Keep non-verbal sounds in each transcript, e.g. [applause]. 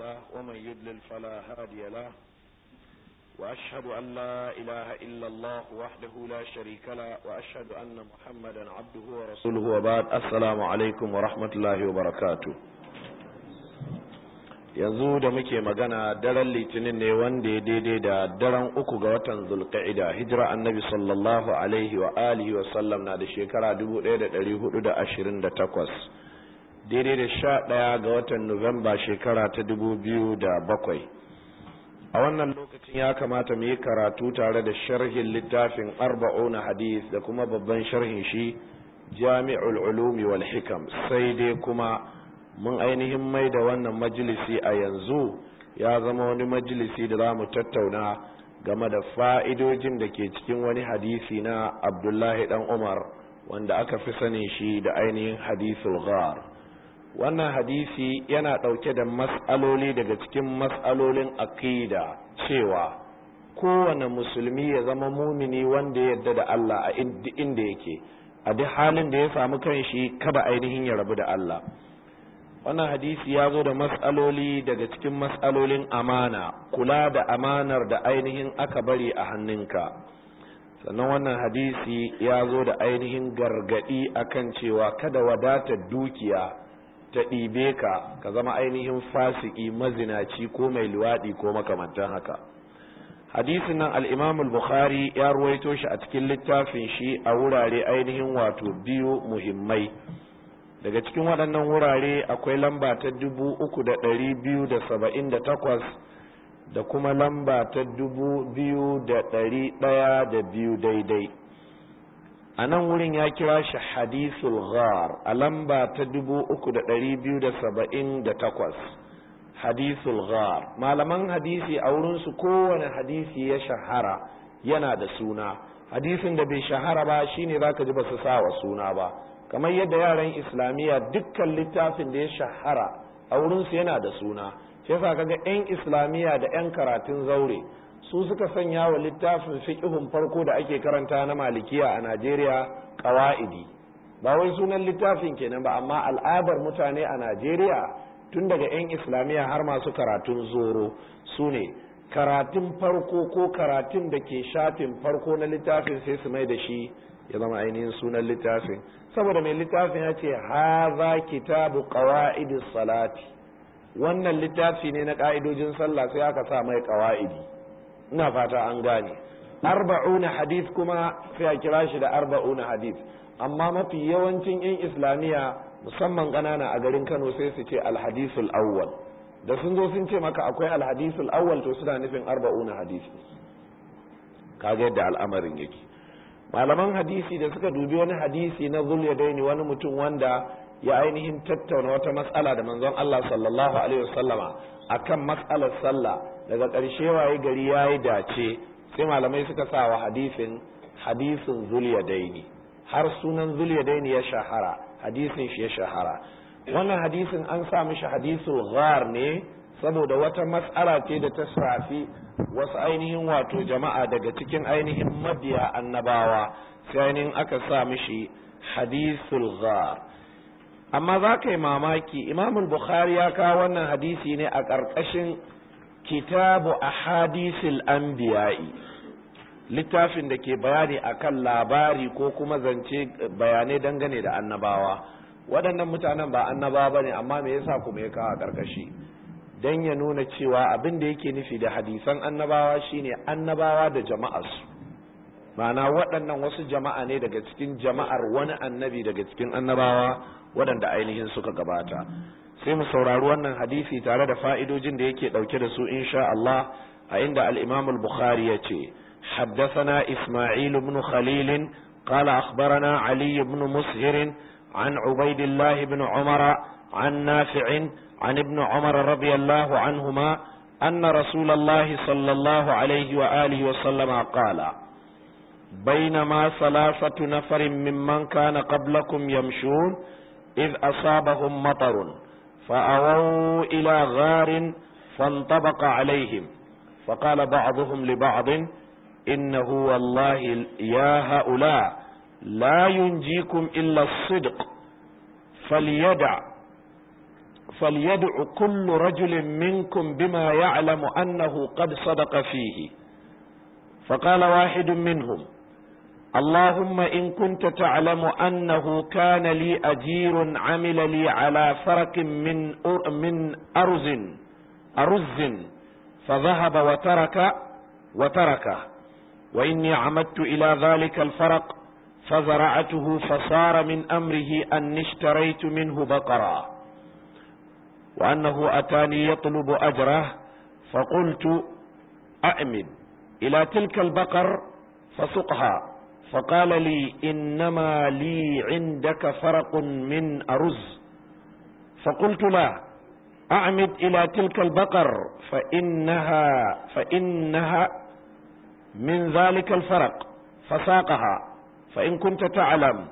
له ومن يدلل فلا هادي له وأشهد أن لا إله إلا الله وحده لا شريك له وأشهد أن محمدا عبده ورسوله وبعد السلام عليكم ورحمة الله وبركاته yanzu da muke magana daren litinin ne wanda ya daidai da daren uku ga watan zulka'ida hijira annabi sallallahu alaihi wa alihi wa sallam na da shekara 1428 daidai da sha ɗaya ga watan nuwamba shekara ta dubu biyu da bakwai a wannan lokacin ya kamata mu yi karatu tare da sharhin littafin arba'una hadis da kuma babban sharhin shi jami'ul ulumi wal hikam sai dai kuma mun ainihin mai da wannan majalisi a yanzu ya zama wani majalisi da za mu tattauna game da fa'idojin da ke cikin wani hadisi na abdullahi dan umar wanda aka fi sanin shi da ainihin hadisul ghar wannan hadisi yana ɗauke da matsaloli daga cikin matsalolin aƙida cewa kowane musulmi ya zama mumini wanda ya yarda da Allah a inda yake a duk halin da ya samu kanshi kada ainihin ya rabu da Allah wannan hadisi ya zo da matsaloli daga cikin matsalolin amana kula da amanar da ainihin aka bari a hannunka sannan wannan hadisi ya zo da ainihin gargadi akan cewa kada wadatar dukiya ta ɗibe ka ka zama ainihin fasiki mazinaci ko mai luwaɗi ko makamantan haka hadisin nan al bukhari ya ruwaito shi a cikin littafin shi a wurare ainihin wato biyu muhimmai daga cikin waɗannan wurare akwai lamba ta dubu uku da ɗari biyu da saba'in da takwas da kuma lamba ta dubu biyu da ɗari ɗaya da biyu daidai a nan wurin ya kira shi hadisul ghar a lamba ta 3278 hadisul ghar malaman hadisi a wurinsu kowane hadisi ya shahara yana da suna hadisin da bai shahara ba shine ka ji ba su sa wa suna ba kamar yadda yaran islamiyya dukkan littafin da ya shahara a wurinsu yana da suna shi yasa kaga 'yan islamiyya da 'yan karatun zaure su suka sanya wa littafin fiqhun farko da ake karanta na malikiya a Najeriya qawaidi ba wai sunan littafin kenan ba amma al'adar mutane a Najeriya tun daga 'yan islamiyya har masu karatun zoro su ne karatun farko ko karatun da ke shafin farko na littafin sai su mai da shi ya zama ainihin sunan littafin saboda mai littafin ya ce haza kitabu qawaidis salati wannan littafi ne na ka'idojin sallah sai aka sa mai qawaidi ina fata an gane arba'una hadith kuma sai a kira shi da arba'una hadith amma mafi yawancin yan islamiyya musamman ƙanana a garin kano sai su ce alhadisul awwal da sun zo sun ce maka akwai alhadisul awwal to suna nufin arba'una hadith kaga yadda al'amarin yake malaman hadisi da suka dubi wani hadisi na zulyadaini wani mutum wanda ya ainihin tattauna wata matsala da manzon Allah sallallahu alaihi wasallama akan matsalar sallah daga ƙarshe waye gari ya yi dace sai malamai suka sa wa hadisin hadisin daini har sunan zulya daini ya shahara hadisin shi ya shahara wannan hadisin an sa mishi hadisu ghar ne saboda wata matsala ce da ta shafi wasu ainihin wato jama'a daga cikin ainihin mabiya annabawa sai ainihin aka sa mishi hadisul ghar amma za ka yi mamaki imamul bukhari ya kawo wannan hadisi ne a ƙarƙashin kitabu ahadisil anbiya'i littafin da ke bayani akan labari ko kuma zance bayanai dangane da annabawa waɗannan mutanen ba annabawa ne, amma me yasa kuma ya kawo karkashi dan ya nuna cewa abin da yake nufi da hadisan annabawa shine annabawa da jama'arsu ma'ana waɗannan wasu jama'a ne daga cikin jama'ar wani annabi daga cikin annabawa waɗanda ainihin suka gabata sai mu saurari wannan hadisi tare da fa'idodin da yake dauke da su insha Allah a inda al-Imam al-Bukhari yace haddathana Isma'il ibn khalilin qala akhbarana Ali ibn Mushir an Ubaydillah ibn Umar an Nafi' an ibn Umar radiyallahu anhuma anna Rasulullah sallallahu alayhi wa alihi wa sallama qala بينما ثلاثة نفر ممن كان قبلكم يمشون إذ أصابهم مطر فأووا إلى غار فانطبق عليهم فقال بعضهم لبعض إنه والله يا هؤلاء لا ينجيكم إلا الصدق فليدع فليدع كل رجل منكم بما يعلم أنه قد صدق فيه فقال واحد منهم اللهم إن كنت تعلم أنه كان لي أجير عمل لي على فرك من من أرز أرز فذهب وترك وتركه وإني عمدت إلى ذلك الفرق فزرعته فصار من أمره أن اشتريت منه بقرا وأنه أتاني يطلب أجره فقلت أأمن إلى تلك البقر فسقها فقال لي إنما لي عندك فرق من أرز فقلت لا أعمد إلى تلك البقر فإنها فإنها من ذلك الفرق فساقها فإن كنت تعلم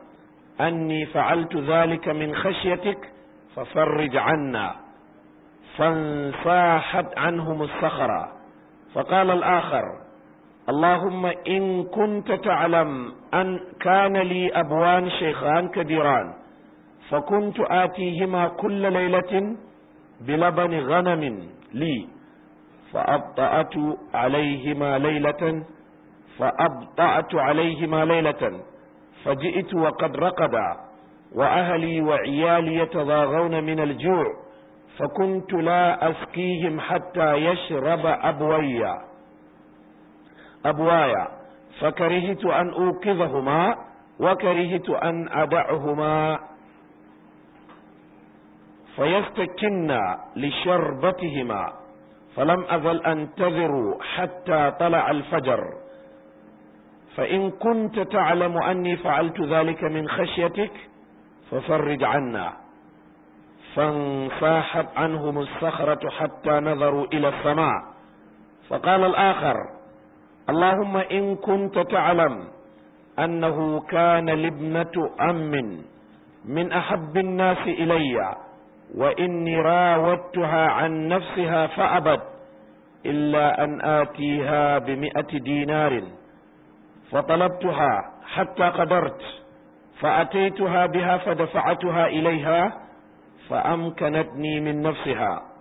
أني فعلت ذلك من خشيتك ففرج عنا فانساحت عنهم الصخرة فقال الآخر اللهم إن كنت تعلم أن كان لي أبوان شيخان كبيران فكنت آتيهما كل ليلة بلبن غنم لي فأبطأت عليهما ليلة فأبطأت عليهما ليلة فجئت وقد رقدا وأهلي وعيالي يتضاغون من الجوع فكنت لا أسقيهم حتى يشرب أبويا أبوايا فكرهت أن أوقظهما وكرهت أن أدعهما فيفتكن لشربتهما فلم أزل أنتظر حتى طلع الفجر فإن كنت تعلم أني فعلت ذلك من خشيتك ففرج عنا فانصاحت عنهم الصخرة حتى نظروا إلى السماء فقال الآخر اللهم إن كنت تعلم أنه كان لابنة أم من أحب الناس إلي وإني راودتها عن نفسها فأبت إلا أن آتيها بمئة دينار فطلبتها حتى قدرت فأتيتها بها فدفعتها إليها فأمكنتني من نفسها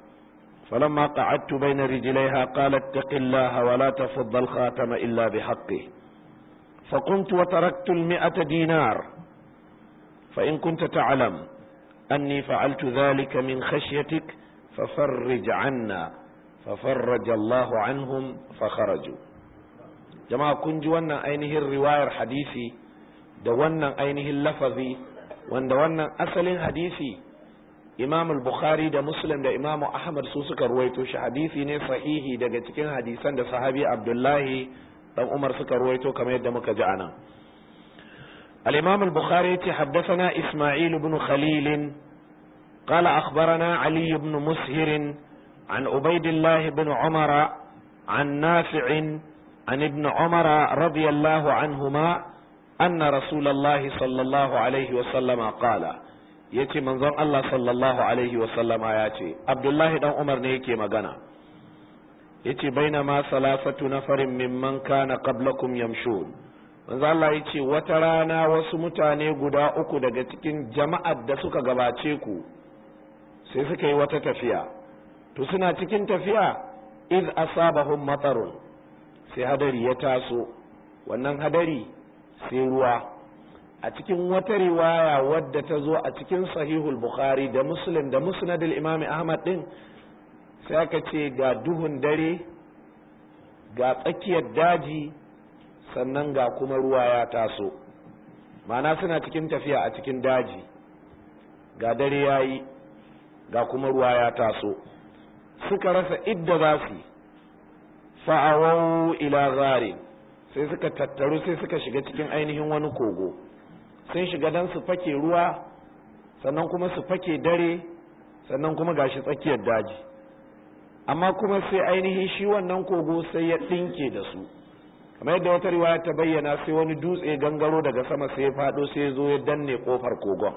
فلما قعدت بين رجليها قال اتق الله ولا تفض الخاتم إلا بحقه فقمت وتركت المئة دينار فإن كنت تعلم أني فعلت ذلك من خشيتك ففرج عنا ففرج الله عنهم فخرجوا jama'a kun ji wannan ainihin riwayar hadisi da wannan ainihin lafazi wanda wannan asalin hadisi Imamul bukhari da muslim da imam ahmad su suka ruwaito shi hadisi ne sahihi daga cikin hadisan da sahabi abdullahi dan umar suka ruwaito kamar yadda muka ji anan al-imam bukhari yace haddathana isma'il ibn Khalilin qala akhbarana Aliyu ibn mushir an ubaidillah ibn umar an nafi' an ibn umar radiyallahu anhuma anna rasulullahi sallallahu alaihi wa sallama qala ya ce manzon Allah sallallahu alaihi wasallama ya ce abdullahi ɗan umar ne yake magana ya ce baina ma salasatu na farin mimman kana qablakum yamshun manzon Allah ya ce wata rana wasu mutane guda uku daga cikin jama'ar da suka gabace ku sai suka yi wata tafiya to suna cikin tafiya iz asabahum matarun sai hadari ya taso wannan hadari sai ruwa a cikin wata riwaya wadda ta zo a cikin sahihul bukhari da muslim da musnadul imam ahmad din sai aka ce ga duhun dare ga tsakiyar daji sannan ga kuma ruwa ya taso mana suna cikin tafiya a cikin daji ga dare ya yi ga kuma ruwa ya taso suka rasa idda za su fa'awau ila zari sai suka tattaru sai suka shiga cikin ainihin wani kogo sun shiga don su fake ruwa sannan kuma su fake dare sannan kuma gashi tsakiyar daji amma kuma sai ainihin shi wannan kogo sai ya ɗinke da su kamar yadda wata riwaya ta bayyana sai wani dutse gangaro daga sama sai ya faɗo sai ya zo ya danne kofar kogon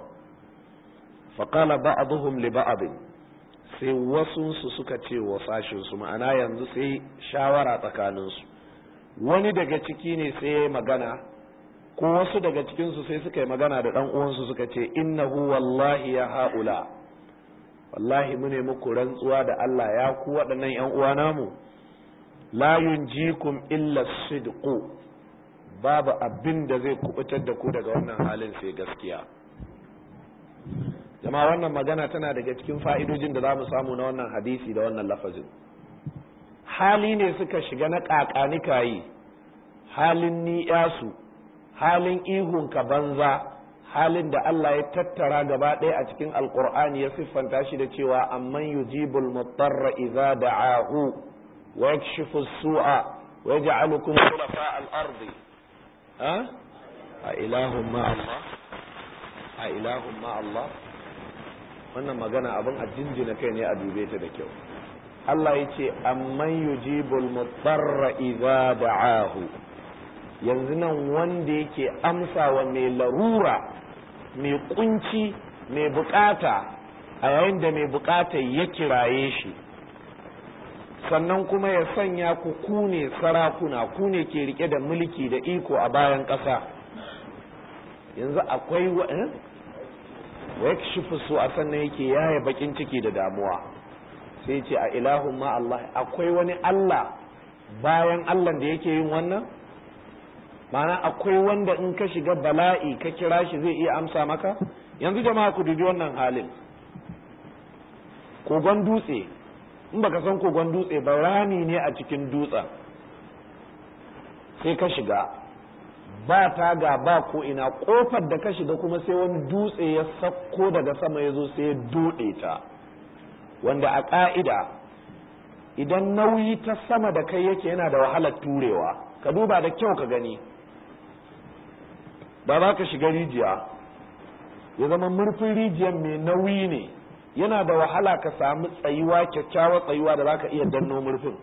faƙala ba'aduhum li abin. sai wasunsu suka ce wa sashinsu ma'ana yanzu sai shawara tsakaninsu wani daga ciki ne sai ya yi magana ko wasu daga cikinsu sai suka yi magana da ɗan uwansu suka ce inna hu, wallahi ya haula wallahi mu ne muku rantsuwa da Allah ya ku waɗannan yan uwa namu la yunjikum illa sidqu babu abin da zai kubutar da ku daga wannan halin sai gaskiya jama'a wannan magana tana daga cikin fa'idojin da za mu samu na wannan hadisi da wannan lafazin hali ne suka shiga na ƙaƙanikayi halin ni yasu halin ihunka banza halin da Allah ya tattara gaba ɗaya a cikin alkur'ani ya siffanta shi da cewa amman yujibul mutarra idza da'ahu wa yakshifu su'a wa yaj'alukum khulafa al-ardi ha a ilahun ma Allah a ilahu ma Allah wannan magana abin a jinjina kai ne a dube ta da kyau Allah yace amman yujibul mutarra idza da'ahu yanzu nan wanda yake amsa wa mai larura mai kunci mai bukata a yayin da mai bukata ya kiraye shi sannan kuma ya sanya ku kune sarakuna kune ke rike da mulki da iko a bayan ƙasa yanzu akwai wa yakshifu eh? su a sannan yake yaya bakin ciki da damuwa sai ce a ilahun ma Allah akwai wani Allah bayan Allah da yake yin wannan ma'ana akwai wanda in ka shiga bala'i ka kira shi zai iya amsa maka yanzu jama'a ku dubi wannan halin kogon dutse in baka san kogon dutse ba rami ne a cikin dutsen sai ka shiga ba ga ba ko ina kofar da ka shiga kuma sai wani dutse ya sakko daga sama ya zo sai ya doɗe ta wanda a ƙa'ida idan nauyi ta sama da kai yake yana da wahalar turewa ka duba da kyau ka gani ba za ka shiga rijiya ya zama murfin rijiyar mai nauyi ne yana da wahala ka samu tsayuwa kyakkyawa tsayuwa da za ka iya danno murfin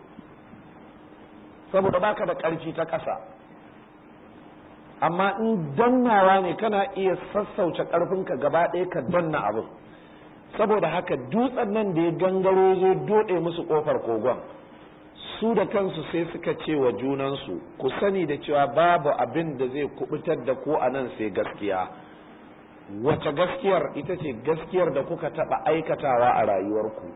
saboda baka da ƙarfi ta ƙasa amma in dannawa ne kana iya sassauce ƙarfinka gaba ɗaya ka danna abin saboda haka dutsen nan da ya gangaro zo doɗe musu ƙofar kogon su da kansu sai suka ce wa junansu ku sani da cewa babu abin da zai kubutar da ku a nan sai gaskiya wace gaskiyar ita ce gaskiyar da kuka taɓa aikatawa a rayuwarku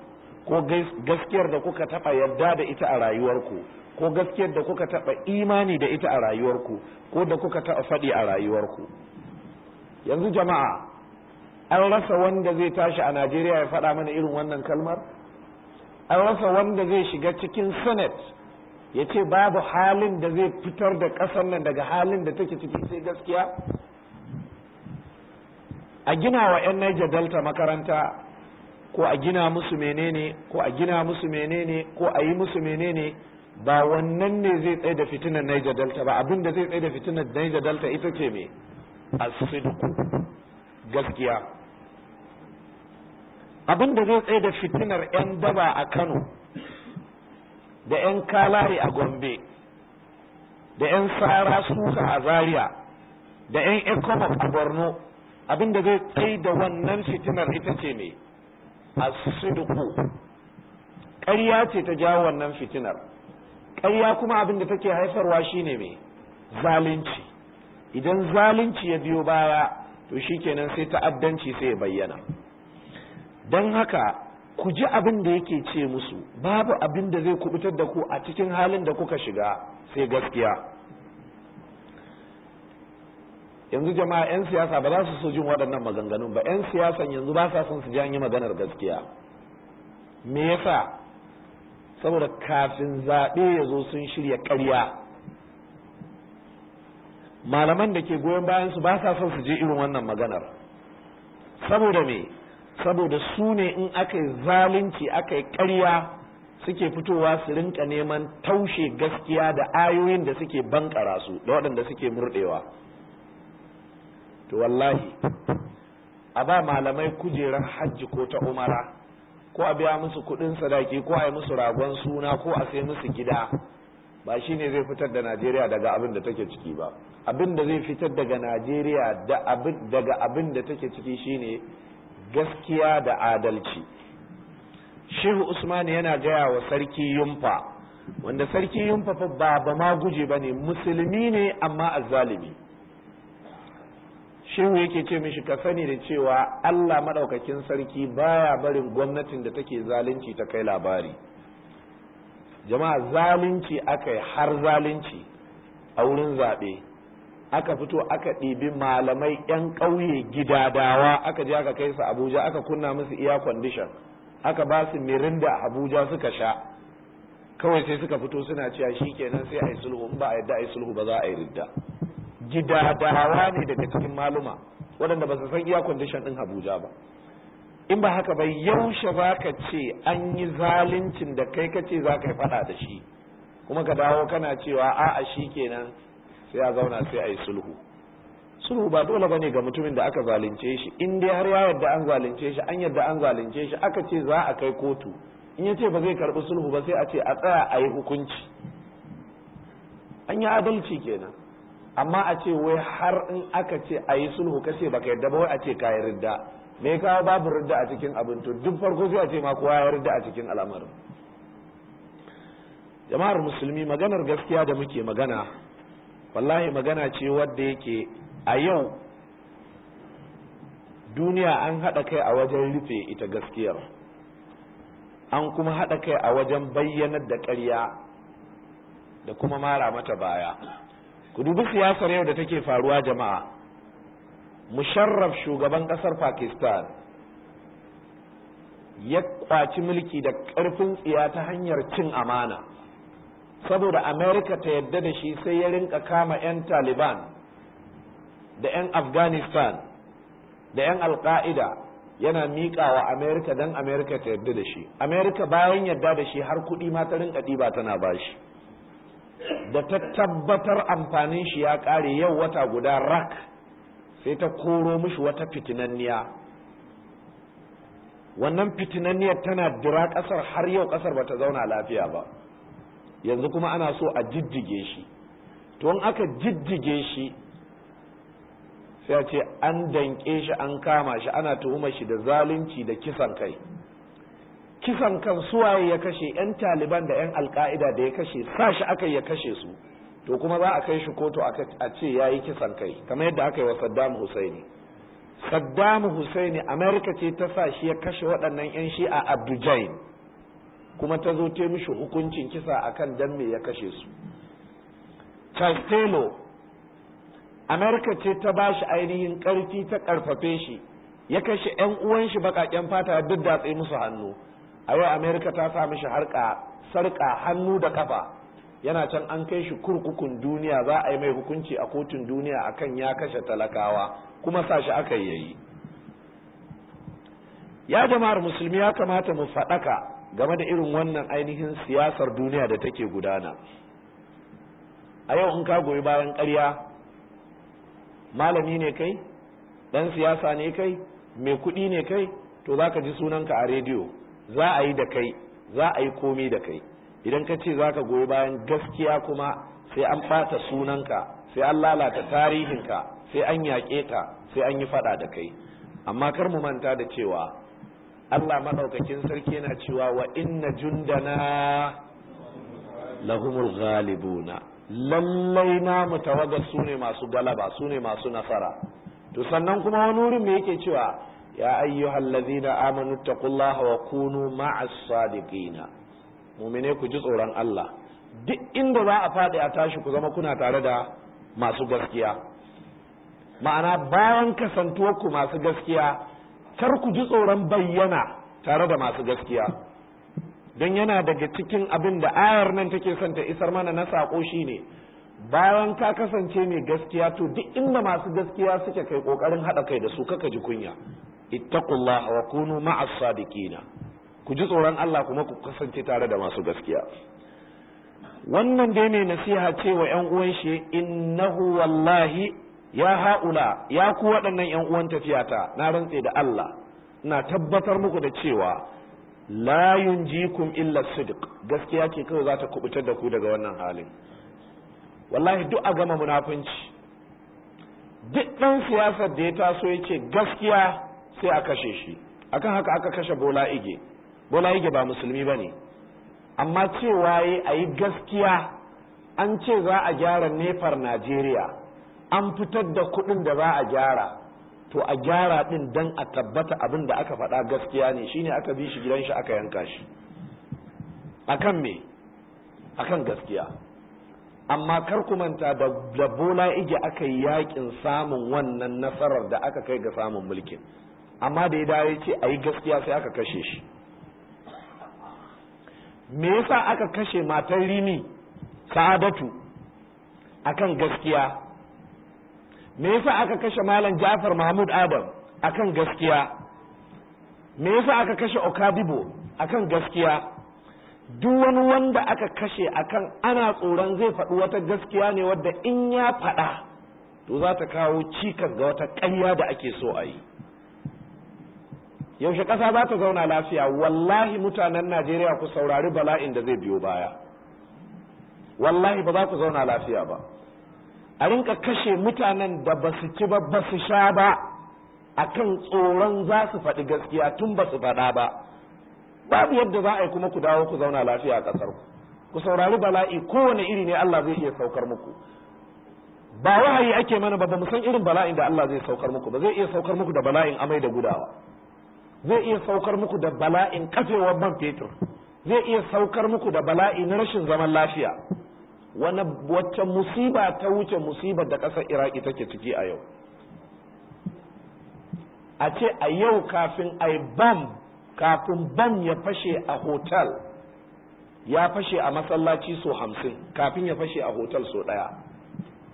ko gaskiyar da kuka taɓa yarda da ita a rayuwarku ko gaskiyar da kuka taɓa imani da ita a rayuwarku ko da kuka taɓa faɗi a rayuwarku yanzu jama'a an rasa wanda zai tashi a najeriya ya faɗa mana irin wannan kalmar an rasa wanda zai shiga cikin senate ya ce babu halin da zai fitar da ƙasar nan daga halin da take ciki sai gaskiya a gina wa 'yan Niger Delta makaranta ko a gina musu menene ko a gina musu menene ko a yi musu menene ba wannan ne zai tsaye da fitinar Niger Delta ba abin da zai tsaye da fitinar Niger Delta ita ce mai a gaskiya abin da zai tsaye da fitinar 'yan daba a kano da 'yan kalari a gombe da 'yan tsara suka a zaria da 'yan ecomof a borno abin da zai tsaye da wannan fitinar ita ce ne a siduku ƙarya ce ta jawo wannan fitinar ƙarya kuma abin da take haifarwa shine mai zalunci idan zalunci ya biyo baya to shikenan sai ta'addanci sai ya bayyana don haka ku ji abin da yake ce musu babu abin da zai kubutar da ku a cikin halin da kuka shiga sai gaskiya yanzu jama'a 'yan siyasa ba za su so jin waɗannan maganganun ba 'yan siyasan yanzu ba sa son su janye maganar gaskiya me yasa saboda kafin zaɓe ya zo sun shirya ƙarya malaman da ke goyon bayan su ba sa son su je irin wannan maganar saboda me saboda su ne in aka yi zalunci aka yi ƙarya suke fitowa su rinka neman taushe gaskiya da ayoyin da suke bankara su da waɗanda suke murɗewa to wallahi a ba malamai kujerar hajji ko ta umara ko a biya musu kuɗin sadaki ko a yi musu ragon suna ko a sai musu gida ba shi ne zai fitar da najeriya daga abin da take ciki ba abin da zai fitar daga najeriya daga abin da take ciki shine gaskiya da adalci shehu usman yana gaya wa sarki yumfa wanda sarki yumfa ba ba ma guje ba ne musulmi ne amma azzalimi shehu yake ce mishi ka sani da cewa allah maɗaukakin sarki baya barin gwamnatin da take zalunci ta kai labari jama'a zalunci aka har zalunci a wurin zaɓe aka fito aka ɗibi malamai 'yan ƙauye gidadawa aka je aka kai su abuja aka kunna musu iya kwandishan aka ba su mirinda abuja suka sha kawai sai suka fito suna cewa shi kenan sai a yi sulhu ba a yadda a yi sulhu ba za a yi ridda gidadawa ne daga cikin maluma waɗanda ba su san iya kwandishan ɗin abuja ba in ba haka ba yaushe ba ka ce an yi zaluncin da kai ka ce za ka yi faɗa da shi kuma ka dawo kana cewa a'a shi kenan sai a zauna sai a yi sulhu sulhu ba dole bane ga mutumin da aka zalunce shi in dai har ya yarda an zalunce shi an yarda an zalunce shi aka ce za a kai kotu in ya ce ba zai karbi sulhu ba sai a ce a tsaya a yi hukunci an yi adalci kenan amma a ce wai har in aka ce a yi sulhu kace ba ka yarda ba wai a ce ka yi ridda me kawo babu ridda a cikin abin to duk farko sai a ce ma kowa ya ridda a cikin al'amarin jama'ar musulmi maganar gaskiya da muke magana wallahi magana ce wadda yake a yau duniya an haɗa kai a wajen rufe ita gaskiyar an kuma haɗa kai a wajen bayyanar da ƙarya da kuma mara mata baya ku dubi siyasar yau da take faruwa jama'a musharraf shugaban ƙasar pakistan ya kwaci mulki da ƙarfin tsiya ta hanyar cin amana saboda Amerika ta yadda da shi sai ya rinka kama 'yan taliban da 'yan afghanistan da 'yan alka'ida yana miƙa wa amerika don Amerika ta yadda da shi Amerika bayan yadda da shi har kuɗi ma ta rinka ɗiba tana bashi da ta tabbatar amfanin shi ya ƙare yau wata guda rak sai ta koro mishi wata fitinanniya wannan fitinanniyar tana dira ƙasar har yau ƙasar ba ta zauna lafiya ba yanzu kuma ana so a jijjige shi to in aka jijjige shi sai a ce an danke shi an kama shi ana tuhuma shi da zalunci da kisan kai kisan kan suwaye ya kashe 'yan taliban da 'yan alka'ida da ya kashe sa shi aka ya kashe su to kuma za a kai shi kotu a ce ya yi kisan kai kamar yadda aka yi wa saddam husaini saddam husaini amerika ce ta sa shi ya kashe waɗannan 'yan a abdujain kuma ta zo ta mishi hukuncin kisa akan dan me ya kashe su castello America ce ta ba shi ainihin ƙarfi ta ƙarfafe shi ya kashe 'yan uwan shi baƙaƙen fata duk da tsaye musu hannu a yau Amerika ta sa mishi harka sarƙa hannu da ƙafa yana can an kai shi kurkukun duniya za a yi mai hukunci a kotun duniya akan ya kashe talakawa kuma sa shi aka yi ya jama'ar musulmi ya kamata mu faɗaka game da irin wannan ainihin siyasar duniya da take gudana a yau in ka goyi bayan ƙarya malami ne kai ɗan siyasa ne kai mai kuɗi ne kai to za ka ji sunanka a rediyo za a yi da kai za a yi komi da kai idan ka ce za ka goyi bayan gaskiya kuma sai an ɓata sunanka sai an lalata tarihinka sai an yaƙe ka sai an yi faɗa da kai amma kar mu manta da cewa Allah madaukakin sarki yana cewa wa inna jundana lahumul ghalibuna lallai na mutawaga su ne masu galaba su ne masu nasara to sannan kuma wani wurin me yake cewa ya ayyuhal ladina amanu taqullaha wa kunu ma'as sadiqin mu'mine ku ji tsoron Allah duk inda za a faɗi a tashi ku zama kuna tare da masu gaskiya ma'ana bayan ku masu gaskiya kar ku ji tsoron bayyana tare da masu gaskiya don yana daga cikin abin da ayar nan take son ta isar mana na sako shine bayan ka kasance mai gaskiya to duk inda masu gaskiya suke kai kokarin haɗa kai da su kaka ji kunya ittaqullah wa kunu ma'as sadiqina ku ji tsoron Allah kuma ku kasance tare da masu gaskiya wannan dai ne nasiha ce wa ƴan uwan shi innahu wallahi ya ha'ula ya ku waɗannan ‘yan uwan tafiyata na rantse da Allah na tabbatar muku da cewa la yunjikum illa sidq gaskiya ce kawai za ta kubutar da ku daga wannan halin wallahi duk a gama munafunci duk ɗan siyasar da ya taso ya ce gaskiya sai a kashe shi akan haka aka kashe bola ige bola ige ba musulmi ba ne amma cewa ya a yi gaskiya an ce za a gyara nefar najeriya an fitar da kuɗin da za a gyara to a gyara ɗin don a tabbata abin da aka faɗa gaskiya ne shine aka bi shi gidan shi aka yanka shi akan me akan gaskiya amma kar ku manta da bola ige aka yi yakin samun wannan nasarar da aka kai ga samun mulkin amma da ya dawo ce a yi gaskiya sai aka kashe shi me yasa aka kashe matan rini sa'adatu akan gaskiya me yasa aka kashe malam Ja'far Mahmud Adam akan gaskiya me yasa aka kashe Okabibo akan gaskiya duk wani wanda aka kashe akan ana tsoron zai faɗi wata gaskiya ne wadda in ya faɗa to za ta kawo cikas ga wata ƙarya da ake so a yi yaushe ƙasa za ta zauna lafiya wallahi mutanen najeriya ku saurari bala'in da zai biyo baya wallahi ba za ku zauna lafiya ba a rinka kashe mutanen da ba su ci ba ba su sha ba a kan tsoron za su faɗi gaskiya tun ba su faɗa ba babu yadda za a yi kuma ku dawo ku zauna lafiya a ƙasar ku ku saurari bala'i kowane iri ne Allah zai iya saukar muku ba wahayi ake mana ba mu san irin bala'in da Allah zai saukar muku ba zai iya saukar muku da bala'in amai da gudawa zai iya saukar muku da bala'in kafewar man fetur zai iya saukar muku da bala'i na rashin zaman lafiya wani wacce musiba ta wuce musibar da ƙasar iraki take ciki a yau a ce a yau kafin a yi bam kafin bam ya fashe a hotel ya fashe a masallaci so hamsin kafin ya fashe a hotel so ɗaya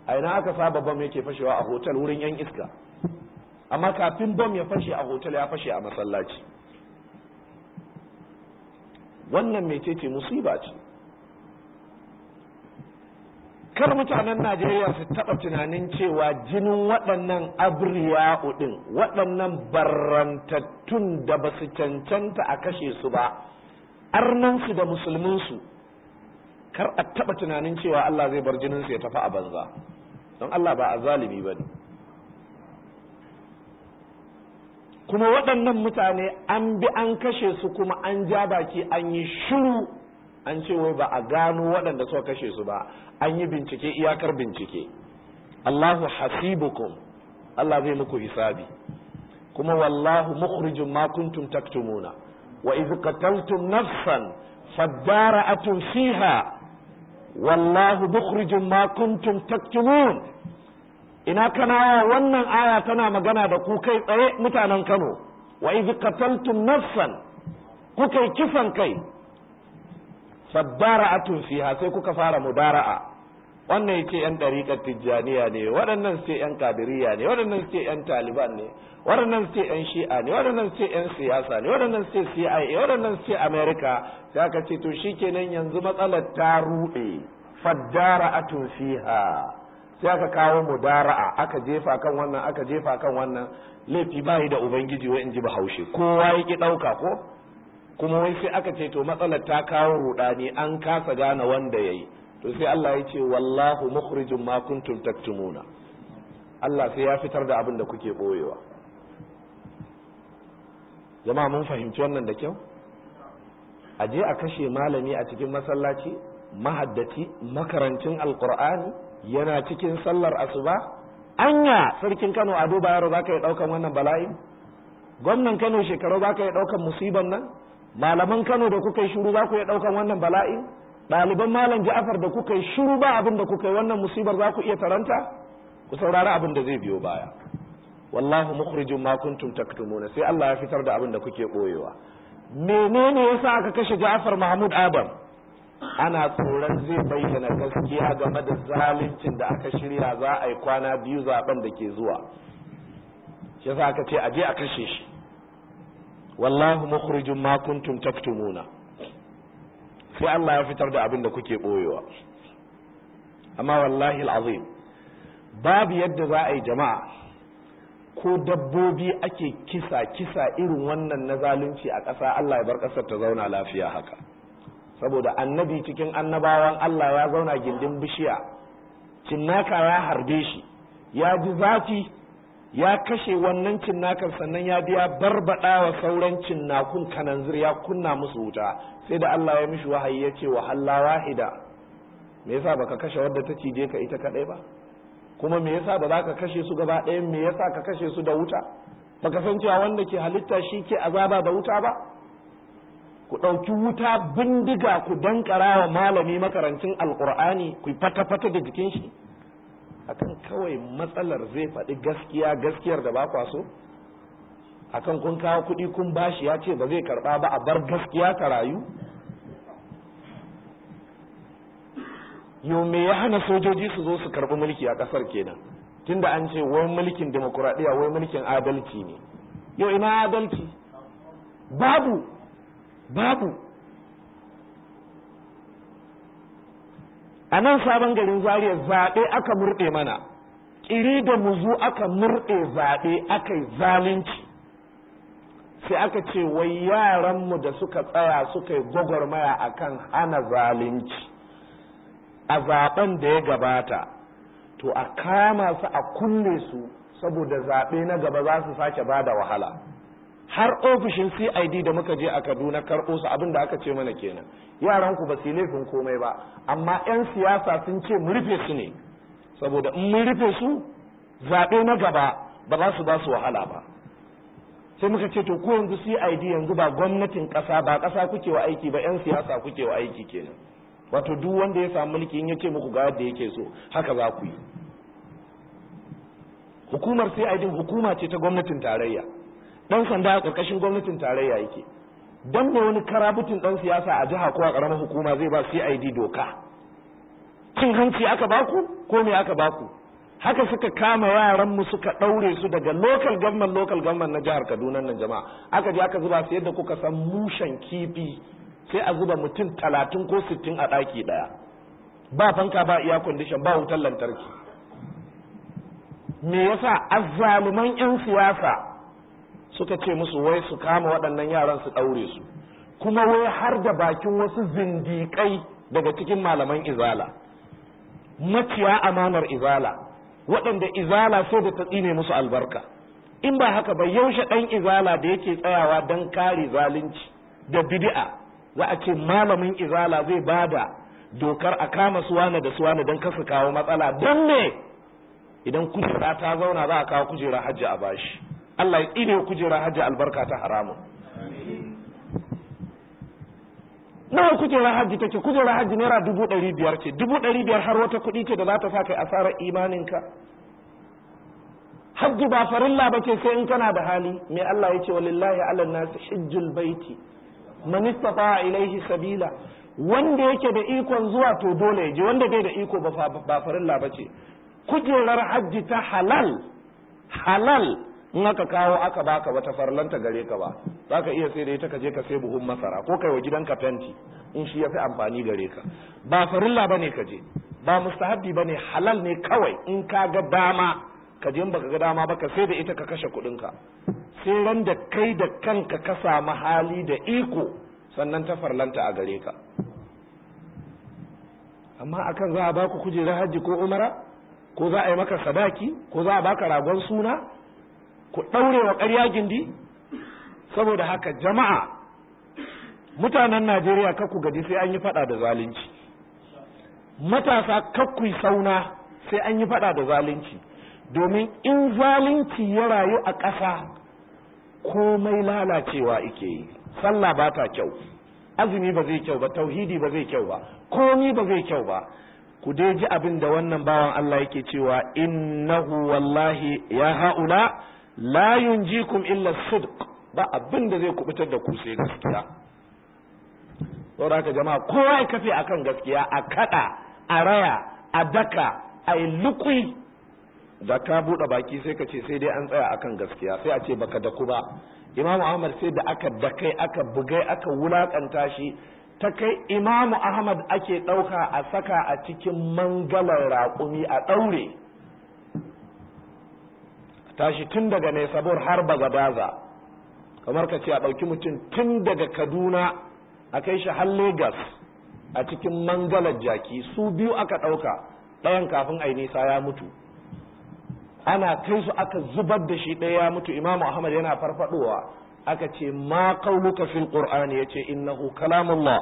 a ina aka saba bam yake fashewa a hotel wurin yan iska amma kafin bam ya fashe a hotel ya fashe a masallaci wannan ce musiba ce kar mutanen najeriya su taɓa tunanin cewa jinin waɗannan abriya uɗin waɗannan barrantattun da ba su cancanta a kashe su ba arnansu da musulminsu kar a taba tunanin cewa allah zai bar jininsu ya tafi a banza don allah ba a zalimi ba ne kuma waɗannan mutane an bi an kashe su kuma an ja baki an yi shuru an ce wai ba a gano waɗanda suka kashe su ba an yi bincike iyakar bincike Allahu hasibukum Allah zai muku hisabi kuma wallahu mukhrijum ma kuntum taktumuna wa idh qataltum nafsan fadara'atum fiha wallahu mukhrijum ma kuntum taktumun ina kana wannan aya tana magana da ku kai tsaye mutanen Kano wa idh qataltum nafsan kuka kifan kai fabara'atun fiha sai kuka fara mubara'a wannan yake yan dariƙar tijjaniya ne waɗannan sai yan kadiriya ne waɗannan sai yan taliban ne waɗannan sai yan shi'a ne waɗannan sai yan siyasa ne waɗannan sai CIA waɗannan sai America sai aka ce to shikenan yanzu matsalar ta ruɗe fadara'atun fiha sai aka kawo mudara'a aka jefa kan wannan aka jefa kan wannan laifi bai da ubangiji wai in ji bahaushe kowa yake ɗauka ko kuma wai sai aka ce to matsalar ta kawo rudani an kasa gane wanda yayi to sai Allah ya ce wallahu mukhrijum ma kuntum taktumuna Allah sai ya fitar da abin da kuke boyewa jama'a mun fahimci wannan da kyau a je a kashe malami a cikin masallaci mahaddati makarancin alqur'ani yana cikin sallar asuba anya sarkin Kano Ado Bayero zaka yi daukan wannan bala'i gwamnan Kano shekaru zaka yi daukan musiban nan malaman Kano da kuka yi shiru za ku iya ɗaukan wannan bala'i ɗaliban malam Ja'afar da kuka yi shiru ba abin da kuka yi wannan musibar za ku iya taranta ku saurari abin da zai biyo baya wallahu mukhrijum ma kuntum taktumuna sai Allah ya fitar da abin da kuke boyewa menene yasa aka kashe Ja'afar Mahmud abar ana tsoron zai bayyana gaskiya game da zaluncin da aka shirya za a yi kwana biyu zaben da ke zuwa yasa aka ce aje a kashe shi wallahu mukhrijum ma kuntum taktumuna sai Allah ya fitar da abin da kuke boyewa amma wallahi alazim babu yadda za a yi jama'a ko dabbobi ake kisa kisa irin wannan na zalunci a ƙasa Allah ya bar ƙasar ta zauna lafiya haka saboda annabi cikin annabawan Allah ya zauna gindin bishiya cinnaka ya harbe shi ya ji zafi ya kashe wannan cinnakan sannan ya biya barbada wa sauran cinnakun kananzir ya kunna musu wuta sai da Allah ya mishi wahayi ya ce wahalla wahida me yasa baka kashe wadda ta cije ka ita kadai ba kuma me yasa ba za ka kashe su gaba ɗaya me yasa ka kashe su da wuta baka san cewa wanda ke halitta shi ke azaba da wuta ba ku ɗauki wuta bindiga ku dankara wa malami makarancin alkur'ani ku fata-fata da jikin shi akan kawai matsalar zai faɗi gaskiya gaskiyar da ba kwa so akan kun kawo kuɗi kun bashi ya ce ba zai karɓa ba a bar gaskiya ta rayu yau me ya hana sojoji su zo su karɓi mulki a ƙasar kenan tunda an ce wai mulkin demokuraɗiyya wai mulkin adalci ne yau ina adalci babu babu a nan sabon garin zariya zaɓe aka murɗe mana ƙiri da muzu aka murɗe zaɓe aka yi zalunci sai aka ce wai yaranmu da suka tsara suka yi gwagwarmaya kan hana zalunci a zaɓen da ya gabata to a kama su a kunne su saboda zaɓe na gaba za su sake ba da wahala har ofishin cid da muka je a kaduna karɓo su abin da aka ce mana kenan yaran ku ba su laifin komai ba amma 'yan siyasa sun ce mu rufe su ne saboda in mun rufe su zaɓe na gaba ba za su ba su wahala ba sai muka ce to ko yanzu cid yanzu ba gwamnatin ƙasa ba ƙasa kuke wa aiki ba 'yan siyasa kuke wa aiki kenan wato duk wanda ya samu mulki in ya ce muku ga yadda yake so haka za ku yi hukumar cid hukuma ce ta gwamnatin tarayya Ɗan sanda a ƙarƙashin gwamnatin tarayya yake dan da wani karabutin ɗan siyasa a jiha ko a ƙaramar hukuma zai ba CID doka cin hanci aka baku ko me aka baku haka suka kama yaran mu suka ɗaure su daga local government local government na jihar Kaduna nan jama'a aka je aka zuba su yadda kuka san mushen kifi sai a zuba mutum talatin ko sittin a ɗaki ɗaya ba fanka ba iya condition ba wutar lantarki me yasa azzaluman 'yan siyasa suka ce musu wai su kama waɗannan yaran su ɗaure su kuma wai har da bakin wasu zindiƙai daga cikin malaman izala maciya amanar izala waɗanda izala sai da ta tsine musu albarka in ba haka ba yaushe ɗan izala da yake tsayawa don kare zalunci da bid'a za a ce malamin izala zai ba da dokar a kama suwana da suwana don kasa kawo matsala don ne idan kujera ta zauna za a kawo kujera hajji a bashi Allah ya ƙine kujera hajji albarka ta haramun nawa kujera hajji take kujera hajji naira dubu ɗari biyar ce dubu ɗari biyar har wata kuɗi ce da za ta sa kai asarar imaninka hajji ba farilla ba ce sai in kana da hali mai Allah ya ce walillahi ala nasi hijjul baiti man istata ilaihi sabila wanda yake da ikon zuwa to dole ya je wanda bai da iko ba farilla ba ce kujerar hajji ta halal halal in aka kawo aka baka wata farlanta gare ka ba za ka iya sai da ita ka je ka sai buhun masara ko kai wa gidanka fenti in shi ya fi amfani gare ka ba farilla ba ne ka je ba mustahabbi ba ne halal ne kawai in ka ga dama ka je baka ga dama ba ka sai da ita ka kashe kuɗinka sai ran da kai da kanka ka samu hali da iko sannan ta farlanta a gare ka amma akan za a baku kujerar hajji ko umara ko za a yi maka sadaki ko za a baka ragon suna ku ɗaure wa ƙarya gindi saboda haka jama'a mutanen najeriya ku gadi sai an yi faɗa da zalunci matasa kakku sauna sai an yi faɗa da zalunci domin in zalunci ya rayu a ƙasa komai lalacewa ike yi sallah ba ta kyau azumi ba zai kyau ba tauhidi ba zai kyau ba komi ba zai kyau ba ku dai ji abin da wannan bawan Allah yake cewa innahu wallahi ya ha'ula la yunjikum illa sidq ba abin da zai kubutar da ku sai gaskiya don haka jama'a kowa ya kafe akan gaskiya a kada a raya a daka a yi lukui da ka buɗe baki sai ka ce sai dai an tsaya akan gaskiya sai a ce baka daku ba imamu ahmad sai da aka dakai aka bugai aka wulakanta shi ta kai imamu ahmad ake ɗauka a saka a cikin mangalar raƙumi a ɗaure tashi tun daga ne har har baza kamar ka ce a ɗauki mutum tun daga kaduna a kai shi har Legas a cikin mangalar jaki su biyu aka ɗauka ɗayan kafin a nisa ya mutu ana kai su aka zubar da shi ɗaya ya mutu imamu ahmad yana farfaɗowa, aka ce ma qauluka fil qur'ani yace innahu kalamullah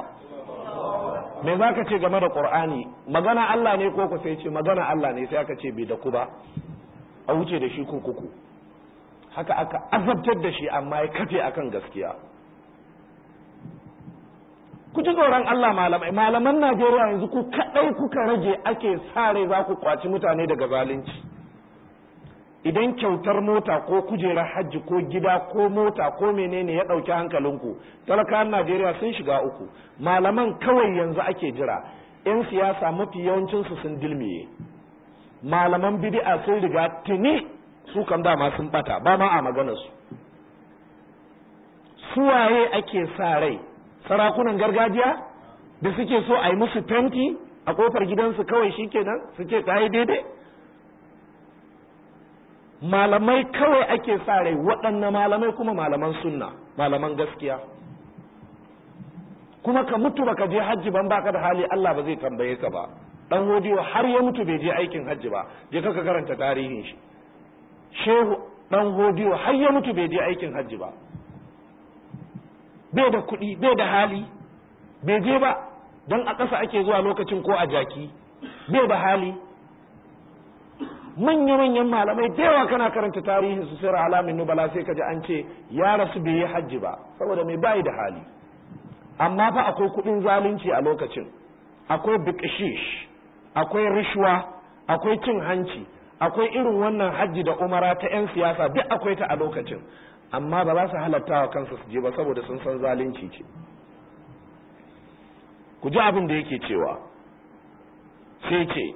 me za ka ce game da qur'ani magana Allah ne ko ku sai ce magana Allah ne sai aka ce bai da ku ba a wuce da shi kurkuku haka aka azabtar da shi amma ya kafe akan gaskiya ku ji tsoron Allah malamai malaman Najeriya yanzu ku kadai kuka rage ake sare za ku kwaci mutane daga zalunci idan kyautar mota ko kujerar hajji ko gida ko mota ko menene ya ɗauki hankalinku talakan Najeriya sun shiga uku malaman kawai yanzu ake jira 'yan siyasa mafi yawancinsu sun dilmiye malaman bidi'a sun riga tuni su kam dama sun bata ba ma a maganarsu su suwaye ake sa rai sarakunan gargajiya da suke so a yi musu fenti a kofar gidansu kawai shi su suke ta yi daidai malamai kawai ake sa rai waɗanne malamai kuma malaman sunna malaman gaskiya kuma ka mutu ba ka je hajji ban baka da hali Allah ba zai tambaye ka ba dan hodiyo har ya mutu bai je aikin hajji ba je kaka karanta tarihin shi shehu dan hodiyo har ya mutu bai je aikin hajji ba bai da kuɗi bai da hali bai je ba don a ƙasa ake zuwa lokacin ko a jaki bai da hali manya-manyan malamai da yawa kana karanta tarihin su sai alamin nubala sai ka ji an ce ya rasu bai yi hajji ba saboda mai bayi da hali amma fa akwai kuɗin zalunci a lokacin akwai bikishish akwai rishwa akwai cin hanci akwai irin wannan hajji da umara ta 'yan siyasa duk akwai ta a lokacin amma ba za su halatta wa kansu su je ba saboda sun san zalunci ce ku ji abin da yake cewa sai ce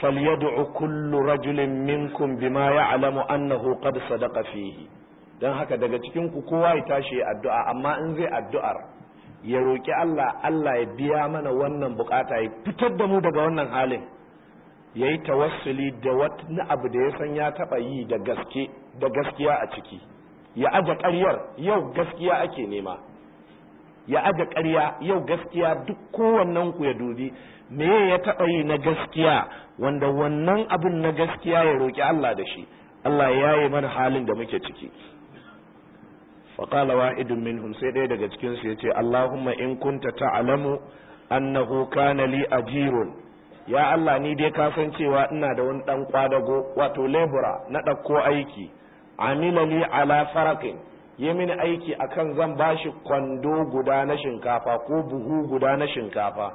falyad'u kullu rajulin minkum bima ya'lamu annahu qad sadaqa fihi dan haka daga cikin ku kowa ya tashi addu'a amma in zai addu'ar ya roƙi Allah Allah ya biya mana wannan bukata ya fitar da mu daga wannan halin ya yi tawassuli da wani abu da ya san ya taɓa yi da gaske gaskiya a ciki ya aje ƙaryar yau gaskiya ake nema ya aje ƙarya yau gaskiya duk kowannen ku ya dubi me ya taɓa yi na gaskiya wanda wannan abin na gaskiya ya roƙi Allah da shi Allah ya yi mana halin da muke ciki faƙala wahidun minhum sai ɗaya daga cikinsu ya ce allahumma in kunta ta'lamu annahu kanali li ajirun ya allah ni dai ka san cewa ina da wani dan kwadago wato lebura na ɗauko aiki Amina li ala faraqin yi mini aiki akan zan bashi kwando guda na shinkafa ko buhu guda na shinkafa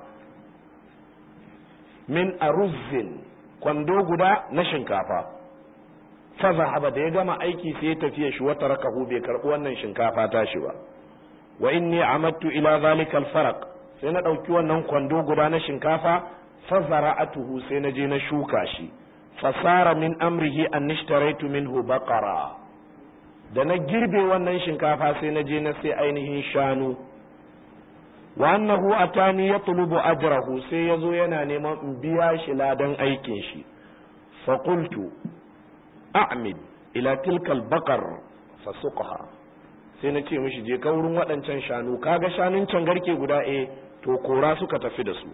min aruzin kwando guda na shinkafa fa zahaba da ya gama aiki sai ya tafiya shi wata rakahu bai karbi wannan shinkafa ta shi ba wa inni amattu ila zalikal farq sai na dauki wannan kwando guda na shinkafa fa zara'atuhu sai na je na shuka shi fasara min amrihi an nishtaraitu minhu baqara da na girbe wannan shinkafa sai na je na sai ainihin shanu wa annahu atani yatlubu ajrahu sai yazo yana neman in biya shi ladan aikin shi fa qultu a'mid ila tilkal baqar fasuqha sai nace mishi je ka wurin waɗancan shanu kaga shanun can garke guda eh to kora suka tafi da su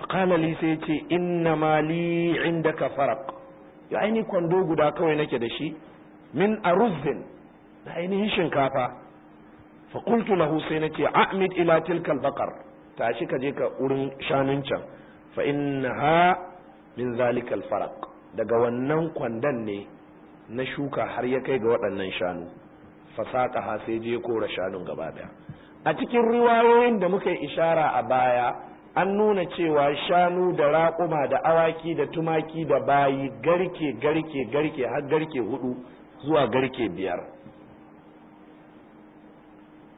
faqala li sai ce inna ma li indaka farq ya aini kwando guda kawai nake da shi min aruzin da ainihin shinkafa fa qultu lahu sai nace a'mid ila tilkal baqar tashi ka je ka wurin shanun can fa ha min zalikal farq daga wannan kwandon ne na shuka har ya kai ga waɗannan shanu fasaka ha sai je kora shanun gaba daya a cikin riwayoyin da muka yi ishara a baya an nuna cewa shanu da raƙuma da awaki da tumaki da bayi garke garke garke har garke hudu zuwa garke biyar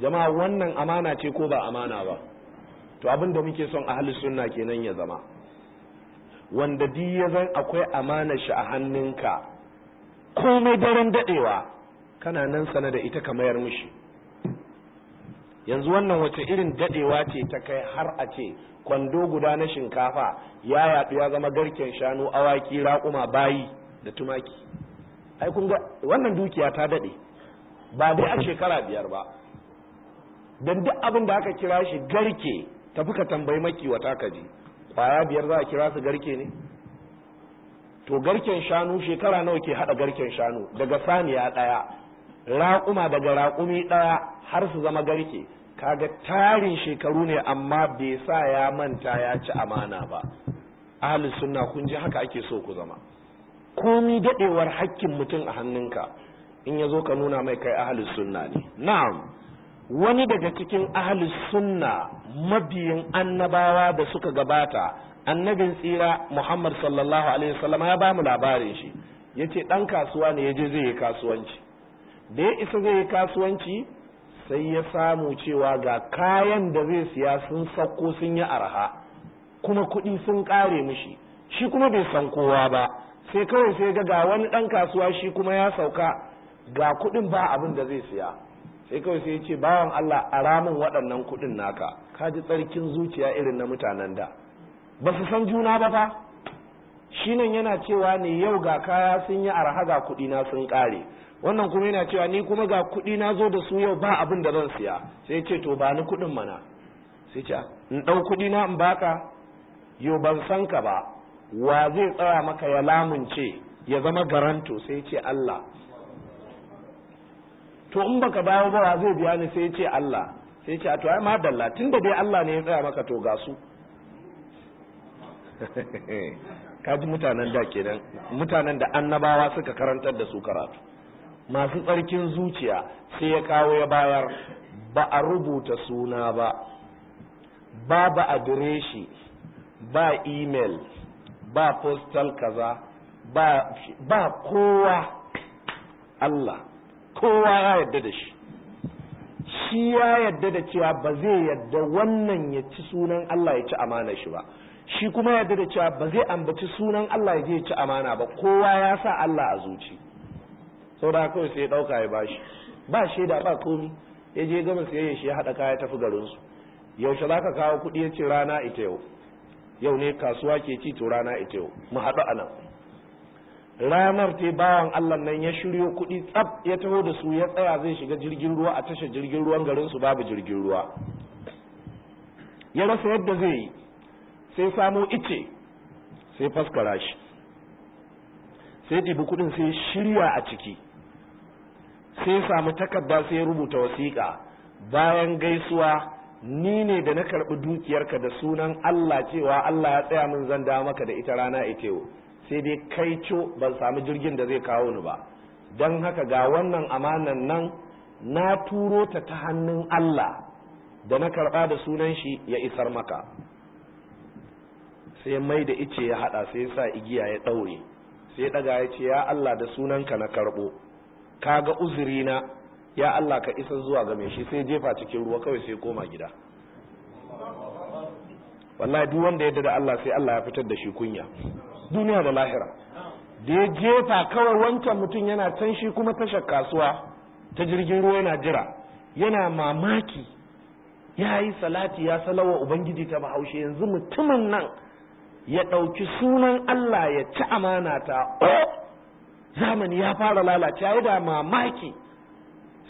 jama'a wannan amana ce ko ba amana ba to abin da muke son ahli sunna kenan ya zama wanda duk ya zan akwai amanar shi a hannunka komai daren dadewa kana nan sana da ita ka mayar mishi yanzu wannan wace irin dadewa ce ta kai har a ce kwando guda na shinkafa ya yaɗu ya zama garken shanu awaki raƙuma bayi da tumaki ai kun ga wannan dukiya ta dade ba dai a shekara biyar ba dan duk abin da aka kira shi garke tafi ka tambayi maki wata kaji kwaya biyar za a kira su garke ne to garken shanu shekara nawa ke hada garken shanu daga saniya daya raƙuma daga raƙumi daya har su zama garke kaga tarin shekaru ne amma bai sa ya manta ya ci amana ba ahlus sunna kun ji haka ake so ku zama komi dadewar hakkin mutum a hannunka in ya zo ka nuna mai kai ahlus sunna ne na'am wani daga cikin ahlus sunna mabiyin annabawa da suka gabata annabin tsira muhammad sallallahu alaihi wasallam ya ba mu labarin shi ya ce ɗan kasuwa ne ya je zai yi kasuwanci da ya isa zai yi kasuwanci sai ya samu cewa ga kayan da zai siya sun sauko sun yi arha kuma kuɗi sun ƙare mishi shi kuma bai san kowa ba sai kawai sai ga ga wani ɗan kasuwa shi kuma ya sauka ga kuɗin ba abin da zai siya sai kawai sai ya ce bawan Allah a ramin waɗannan kuɗin naka ka ji tsarkin zuciya irin na mutanen da ba su san juna ba fa Shinan yana cewa ne yau ga kaya sun yi arha ga kuɗi na sun ƙare wannan kuma yana cewa ni kuma ga kuɗi na zo da su yau ba abin da zan siya sai ce to ba ni kuɗin mana sai ce in ɗau kuɗi na in baka yau ban san ka ba wa zai tsaya maka ya lamunce ya zama garanto sai ce Allah to in baka bayo ba wa zai biya ni sai ce Allah sai ce a to ai ma dalla tunda dai Allah ne ya tsaya maka to ga su [laughs] kaji mutanen da kenan mutanen da annabawa suka karantar da su karatu masu tsarkin zuciya sai ya kawo ya bayar ba a rubuta suna ba ba adireshi ba email ba postal kaza ba, ba kowa Allah kowa ya yadda da shi shi ya yadda da cewa ba zai yadda wannan ya ci sunan Allah ya ci amana shi ba shi kuma ya da cewa ba zai ambaci sunan Allah ya je ci amana ba kowa ya sa Allah a zuci saboda kawai sai ya dauka ya bashi ba shaida ba komi ya je gama sayayya shi ya hada kaya tafi garin su yaushe ka kawo kuɗi ya ce rana ita yau yau ne kasuwa ke ci to rana ita yau mu haɗu a nan ranar te bawan Allah nan ya shiryo kuɗi tsab ya taho da su ya tsaya zai shiga jirgin ruwa a tashar jirgin ruwan garinsu babu jirgin ruwa ya rasa yadda zai yi sai samo ice sai faskara shi sai ɗibi kuɗin sai shirya a ciki sai samu takarda sai rubuta wasiƙa bayan gaisuwa ni ne da na karɓi dukiyarka da sunan Allah cewa Allah ya tsaya min zan dawo maka da ita rana itewo sai dai kai co ban samu jirgin da zai kawo ni ba don haka ga wannan amanan nan na turo ta ta hannun Allah da na karɓa da sunan shi ya isar maka sai mai da ice ya hada sai sa igiya ya daure sai ya daga ya ce ya Allah da sunanka na karbo kaga uzuri na ya Allah ka isa zuwa ga mai shi sai jefa cikin ruwa kawai sai koma gida wallahi duk wanda ya da Allah sai Allah ya fitar da shi kunya duniya da lahira da ya jefa kawai wancan mutum yana can shi kuma tashar kasuwa ta jirgin ruwa yana jira yana mamaki ya yi salati ya salawa ubangiji ta bahaushe yanzu mutumin nan ya ɗauki sunan Allah ya ci amana ta oh, zamani ya fara lalacewa ya da mamaki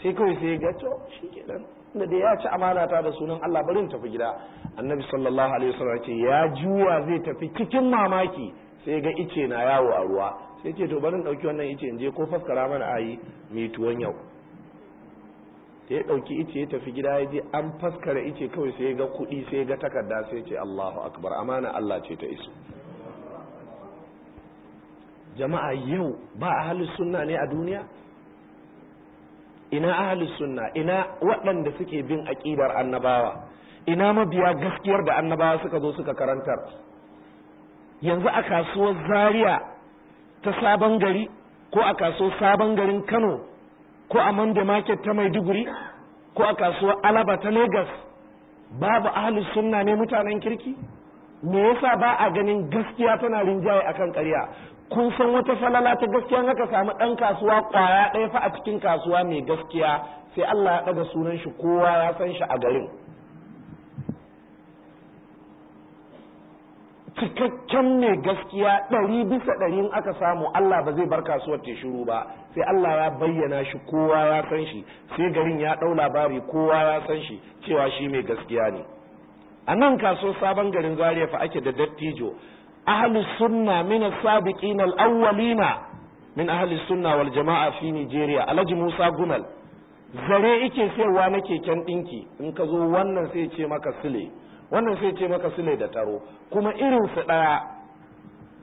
sai kawai sai ga to shikenan da da ya ci amana ta da sunan Allah bari tafi gida annabi sallallahu alaihi wasallam ce ya juwa zai tafi cikin mamaki sai ga ice na yawo a ruwa sai ce to barin ɗauki wannan ice in je ko faskara mana ayi mai tuwon yau da ya ɗauki ice ya tafi gida ya je an faskara ice kawai sai ga kuɗi sai ga takarda sai ce Allahu akbar amana Allah ce ta iso jama'a yau ba ahli sunna ne a duniya ina ahli sunna ina waɗanda suke bin aƙidar annabawa ina mabiya gaskiyar da annabawa suka zo suka karantar yanzu a kasuwar zaria ta sabon gari ko a kaso sabon garin kano ko a manda market ta maiduguri ko a kasuwar alaba ta lagos babu ahalus sunna ne mutanen kirki me yasa ba a ganin gaskiya tana rinjaye akan karya kun san wata falala ta gaskiya haka samu dan kasuwa kwaya ɗaya fa a cikin kasuwa mai gaskiya sai Allah ya ɗaga sunan shi kowa ya san shi a garin cikakken mai gaskiya ɗari bisa ɗari aka samu Allah ba zai bar kasuwar ta shiru ba sai Allah ya bayyana shi kowa ya san shi sai garin ya ɗau labari kowa ya san shi cewa shi mai gaskiya ne a nan kasuwar sabon garin Zariya fa ake da dattijo ahli sunna min as al min ahli sunna wal jama'a fi Nigeria Alhaji Musa Gumal zare yake sayarwa na keken ɗinki in ka zo wannan sai ce maka sile wannan sai ce maka su ne da taro kuma irin su ɗaya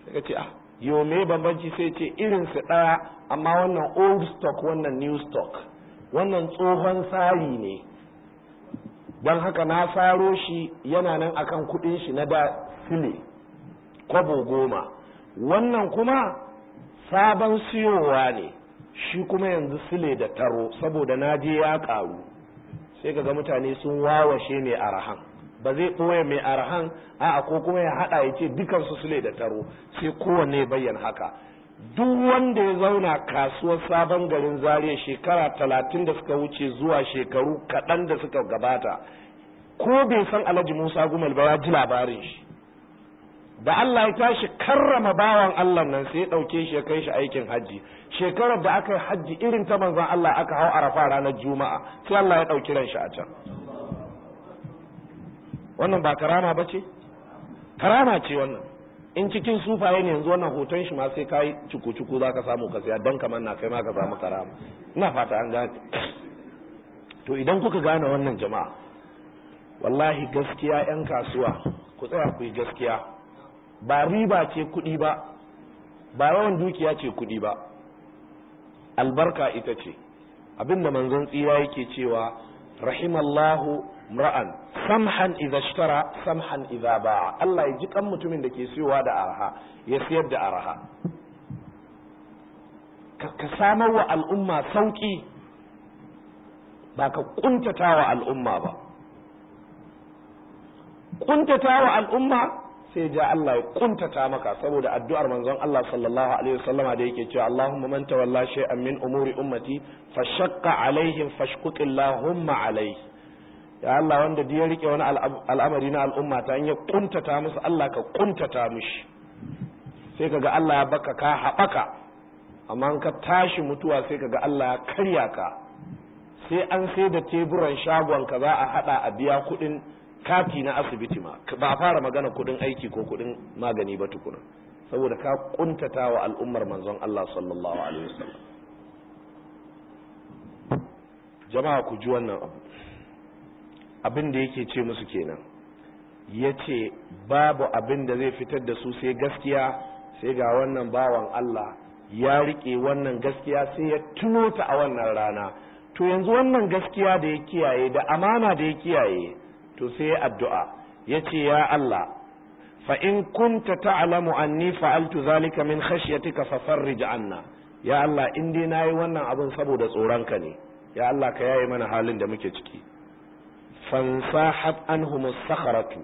sai ce ah yo me bambanci sai ce irin su ɗaya amma wannan old stock wannan new stock wannan tsohon tsari ne don haka na faro shi yana nan akan kuɗin shi na da sile kwabo goma wannan kuma sabon siyowa ne shi kuma yanzu sile da taro saboda na je ya ƙaru sai ga mutane sun wawashe mai arahan ba zai ɓoye mai arhan a'a ko kuma ya haɗa ya ce dukansu ne da taro sai kowanne bayyana haka duk wanda ya zauna kasuwar sabon garin zariya shekara talatin da suka wuce zuwa shekaru kaɗan da suka gabata ko bai san alhaji musa gumal ba ya ji labarin shi da Allah ya tashi karrama bawan Allah nan sai ya ɗauke shi ya kai shi aikin hajji shekarar da aka yi hajji irin ta manzon Allah aka hau arafa ranar juma'a sai Allah ya ɗauki ran shi a can wannan ba karama ba ce karama ce wannan in cikin sufaye ne yanzu wannan hoton shi ma sai ka yi cuku-cuku za ka samu ka siya don kamar na kai ma ka samu karama ina fata an gane to idan kuka gane wannan jama'a wallahi gaskiya 'yan kasuwa ku tsaya ku yi gaskiya ba riba ce kuɗi ba ba yawan dukiya ce kuɗi ba albarka ita ce abinda manzon tsira yake cewa rahimallahu ra'an samhan idza ishtara samhan idza ba'a Allah ya ji kan mutumin da ke siyowa da arha ya siyar da arha ka samar wa al'umma sauki ba ka kuntata wa al'umma ba kuntata wa al'umma sai ja Allah ya kuntata maka saboda addu'ar manzon Allah sallallahu alaihi wasallama da yake cewa Allahumma man tawalla shay'an min umuri ummati fashaqqa alaihim fashquqillahumma alaihi ya Allah wanda ya rike wani al'amari na al'umma ta ya kuntata musu Allah ka kuntata mushi, sai kaga Allah ya baka ka haɓaka amma ka tashi mutuwa sai kaga Allah ya karya ka sai an sai da teburan shagon ka za a haɗa a biya kuɗin kati na asibiti ma ba fara magana kuɗin aiki ko kuɗin magani ba tukuna saboda ka kuntata wa al'ummar manzon Allah sallallahu alaihi wasallam jama'a ku ji wannan abu abin da yake ce musu kenan ya ce babu abin da zai fitar da su sai gaskiya sai ga wannan bawan Allah ya riƙe wannan gaskiya sai ya tuno ta a wannan rana to yanzu wannan gaskiya da ya kiyaye da amana da ya kiyaye to sai ya addu'a ya ce ya Allah fa in kunta ta'lamu anni fa'altu zalika min khashyatika fa farrij anna ya Allah in dai nayi wannan abin saboda tsoronka ne ya Allah ka yaye mana halin da muke ciki fansahab anhum sakharatu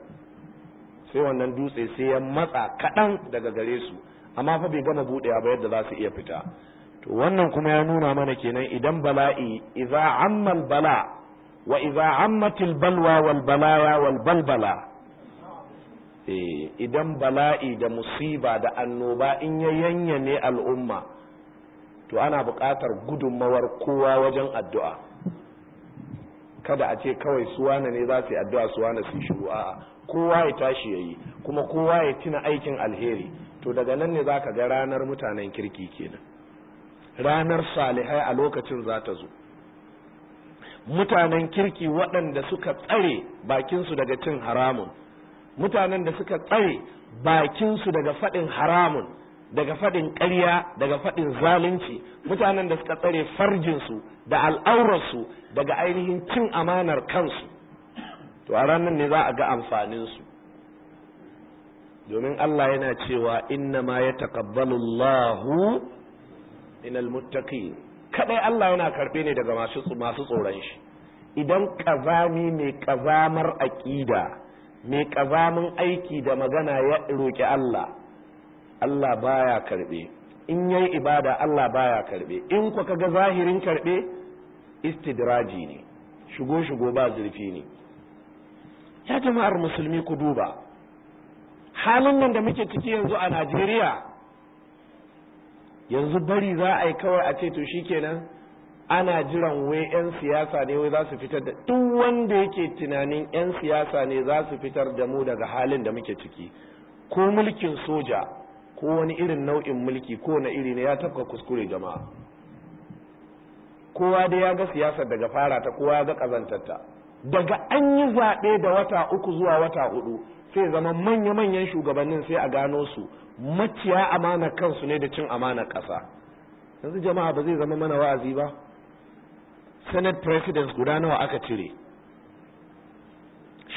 sai wannan dutse sai ya matsa kaɗan daga gare su amma fa bai gama buɗewa ba yadda za su iya fita to wannan kuma ya nuna mana kenan idan bala'i idza ammal bala wa idza ammatil balwa wal balaya wal balbala eh, idan bala'i da musiba da annoba in ya yanyane al'umma to ana buƙatar gudunmawar kowa wajen addu'a kada a ce kawai suwana ne za su yi addu'a suwana su shiru a'a kowa ya tashi ya yi kuma kowa ya tuna aikin alheri to daga nan ne za ka ga ranar mutanen kirki kenan ranar salihai a lokacin za ta zo mutanen kirki waɗanda suka tsare bakinsu daga cin haramun mutanen da suka tsare bakinsu daga faɗin haramun daga faɗin ƙarya daga faɗin zalunci mutanen da suka tsare farjinsu da al'aurarsu daga ainihin cin amanar kansu to a ranar ne za a ga amfaninsu domin Allah yana cewa inna ma ya taƙabbalu Allahu minal kadai Allah yana karɓe ne daga masu tsoron shi idan ƙazami mai ƙazamar aƙida mai ƙazamin aiki da magana ya roƙi Allah Allah baya karbe in yayi ibada Allah baya karbe in ku kaga zahirin karbe istidraji ne shigo shigo ba zurfi ne ya jama'ar musulmi ku duba halin nan da muke ciki yanzu a Najeriya yanzu bari za a yi kawai a ce to shikenan ana jiran wai 'yan siyasa ne wai za su fitar da duk wanda yake tunanin 'yan siyasa ne za su fitar da mu daga halin da muke ciki ko mulkin soja ko wani irin nau'in mulki ko na iri ne ya tafka kuskure jama'a kowa da ya ga siyasar daga fara ta kowa ya ga kazantarta daga an yi zaɓe da wata uku zuwa wata hudu sai zama manya-manyan shugabannin sai a gano su maciya amana kansu ne da cin amana ƙasa yanzu jama'a ba zai zama mana wa'azi ba senate president guda nawa aka cire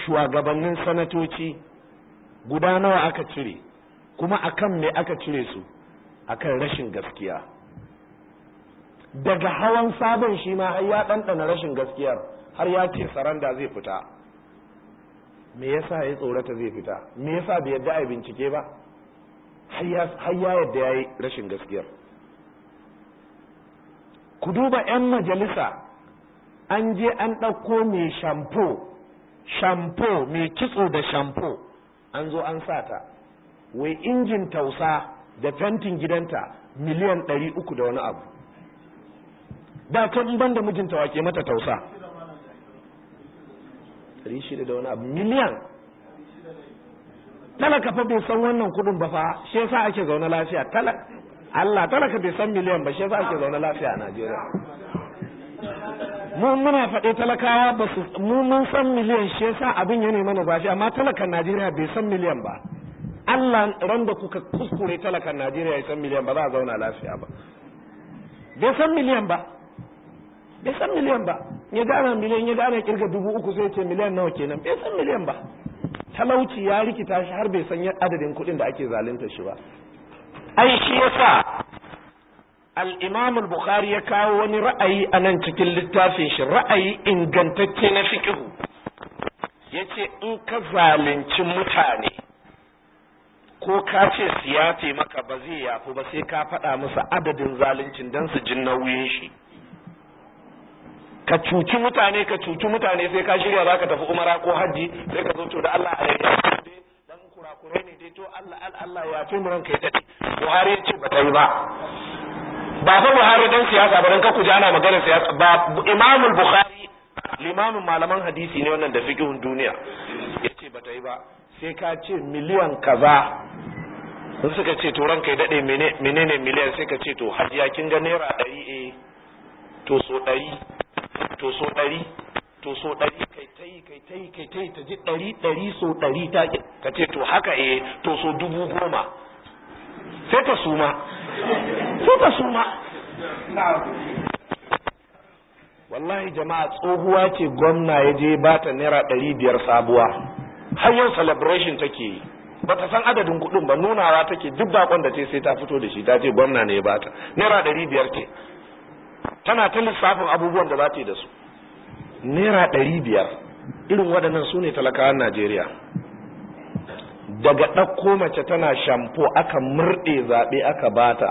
shugabannin sanatoci guda nawa aka cire kuma akan me aka cire su akan rashin gaskiya daga hawan sabon shi ma har ya ɗanɗana rashin gaskiyar har ya ce saranda zai fita me yasa ya tsorata zai fita me yasa bai yadda a bincike ba har ya yadda ya yi rashin gaskiyar ku duba 'yan majalisa an je an ɗauko mai shampo shampo mai kitso da shampo an zo an sata wai injin tausa da fentin gidanta miliyan ɗari uku da wani abu da kan ban da mijinta wake mata tausa ɗari shida da wani abu miliyan talaka fa bai san wannan kudin ba fa shi yasa ake zaune lafiya talaka Allah talaka bai san miliyan ba shi yasa ake zaune lafiya a Najeriya Mun muna faɗe talakawa ba su mun san miliyan shi yasa abin ya nema na zafi amma talakan Najeriya bai san miliyan ba Allah ran da kuka kuskure talakan Najeriya ya san miliyan ba za a zauna lafiya ba bai san miliyan ba bai san miliyan ba ya gana miliyan ya gana kirga dubu uku sai ce miliyan nawa kenan bai san miliyan ba talauci ya rikita shi har bai san adadin kuɗin da ake zalunta shi ba ai shi yasa al-Imam al-Bukhari ya kawo wani ra'ayi a nan cikin littafin shi ra'ayi ingantacce na fiqh yace in ka zalunci mutane ko ka ce su ce maka ba zai yafu ba sai ka faɗa musu adadin zaluncin don su jin nauyin shi ka cuci mutane ka cuci mutane sai ka shirya za ka tafi umara ko hajji sai ka zo to da Allah a yi dan kurakurai ne dai to Allah Allah ya ce mu ranka ya dade Buhari ya ce ba ta yi ba ba fa Buhari dan siyasa ba dan ka kuja ana magana siyasa ba Imamul Bukhari limamin malaman hadisi ne wannan da fiqhun duniya yace ba ta yi ba sai ka ce miliyan kaza sun suka ce to ranka ya daɗe menene miliyan sai ka ce to hajiya kin ga naira ɗari e to so ɗari to so ɗari to so ɗari kai ta yi kai ta yi kai ta yi ta ji ɗari ɗari so ɗari ta ka ce to haka e to so dubu goma sai ta suma sai ta suma wallahi jama'a tsohuwa ce gwamna ya je ba ta naira ɗari biyar sabuwa Hanyar celebration take yi bata san adadin kuɗin ba nunawa take duk bakon da ce sai ta fito da shi ta ce gwamna ne ya bata naira ɗari biyar ce tana ta lissafin abubuwan da za ta yi da su naira ɗari biyar irin waɗannan su ne talakawan najeriya daga ɗakko mace tana shampo aka murɗe zaɓe aka bata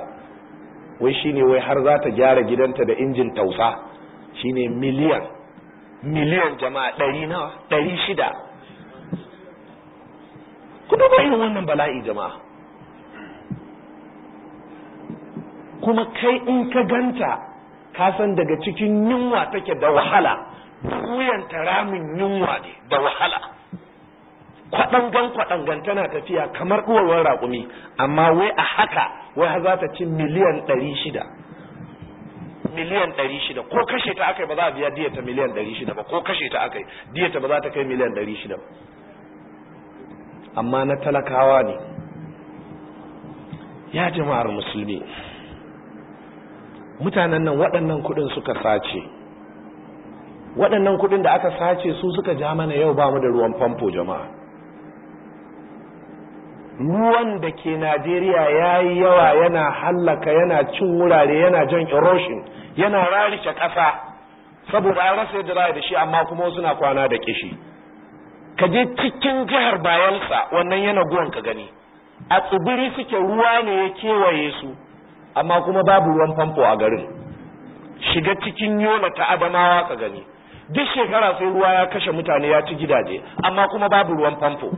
wai shine wai har za ta gyara gidanta da injin tausa shine miliyan miliyan jama'a ɗari nawa ɗari shida ku duba irin wannan bala'i jama'a kuma kai in ka ganta ka san daga cikin yunwa take da wahala wuyanta ramin yunwa ne da wahala kwaɗangan kwaɗangan tana tafiya kamar ɗuwarwar raƙumi amma wai a haka wai za ta ci miliyan ɗari shida miliyan ɗari shida ko kashe ta aka ba za a biya diyata miliyan ɗari shida ba ko kashe ta aka yi diyata ba za ta kai miliyan ɗari shida ba amma na talakawa ne ya jama'ar musulmi mutanen nan waɗannan kudin suka sace waɗannan kudin da aka sace su suka ja mana yau ba mu da ruwan famfo jama'a ruwan da ke najeriya ya yi yawa yana hallaka yana cin wurare yana jan erosion yana rarice ƙasa saboda an rasa yadda za da shi amma kuma suna kwana da kishi ka je cikin jihar bayelsa wannan yana guwan ka gani a tsibiri suke ruwa ne ya kewaye su amma kuma babu ruwan famfo a garin shiga cikin yola ta abanawa ka gani duk shekara sai ruwa ya kashe mutane ya ci gidaje amma kuma babu ruwan famfo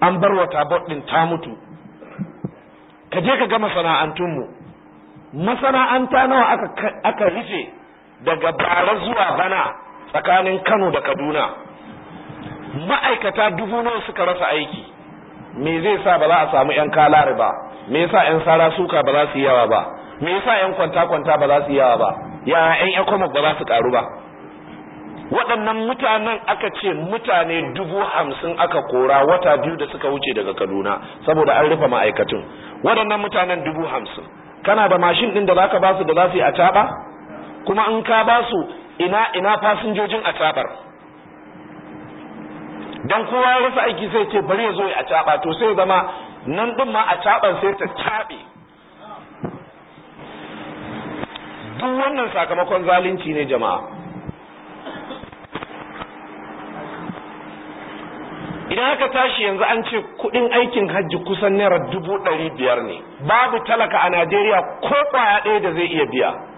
an bar wata ɗin ta mutu ka je ka ga masana'antunmu masana'anta nawa aka rufe daga bara zuwa bana tsakanin Kano da Kaduna ma'aikata dubu nawa suka rasa aiki me zai sa ba za a samu yan kalari ba me yasa yan sara suka ba za su yawa ba me yasa yan kwanta kwanta ba za su yawa ba ya yan economic ba za su karu ba waɗannan mutanen aka ce mutane dubu hamsin aka kora wata biyu da suka wuce daga kaduna saboda an rufe ma'aikatun waɗannan mutanen dubu hamsin kana da mashin ɗin da zaka basu da za su yi a taɓa kuma in ka basu ina ina fasinjojin tsabar dan kowa ya rasa aiki sai ce bari ya zo a tsaba to sai zama nan din ma tsabar sai ta tsabe duk wannan sakamakon zalunci ne jama'a idan aka tashi yanzu an ce kudin aikin hajji kusan naira dubu ɗari biyar ne babu talaka a najeriya ko kwaya ɗaya da zai iya biya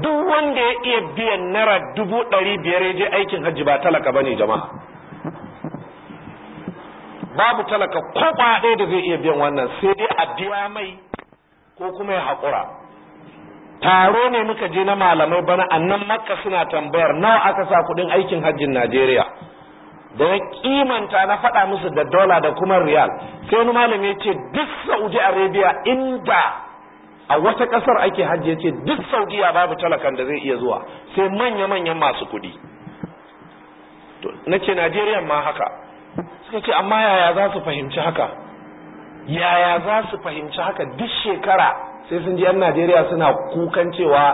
duk wanda ya iya biyan naira dubu ɗari biyar ya je aikin hajji ba talaka ba ne jama'a babu talaka ko ɗaya da zai iya biyan wannan sai dai a biya mai ko kuma ya haƙura taro ne muka je na malamai bana a nan makka suna tambayar nawa aka sa kuɗin aikin hajjin najeriya da ya kimanta na faɗa musu da dola da kuma riyal sai wani malami ya ce duk saudi arabia inda a wata kasar ake hajji ya ce duk saudiya babu talakan da zai iya zuwa sai manya-manyan masu kudi na ce najeriya ma haka suka ce amma yaya za su fahimci haka yaya za su fahimci haka duk shekara sai sun ji 'yan najeriya suna kukan cewa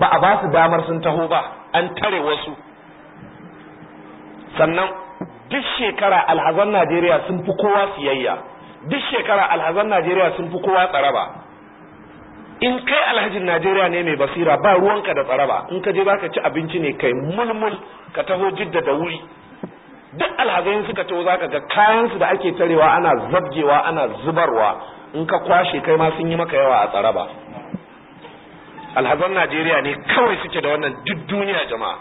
ba a ba su damar sun taho ba an tare wasu sannan duk shekara alhazan najeriya sun fi kowa siyayya duk shekara alhazan najeriya sun fi kowa tsaraba in kai alhajin najeriya ne mai basira ba ruwanka da tsaraba in ka je baka ci abinci ne kai mulmul ka taho jidda da wuri duk alhazai suka taho zaka ga kayansu da ake tarewa ana zabgewa ana zubarwa in ka kwashe kai ma sun yi maka yawa a tsaraba alhazan najeriya ne kawai suke da wannan duk duniya jama'a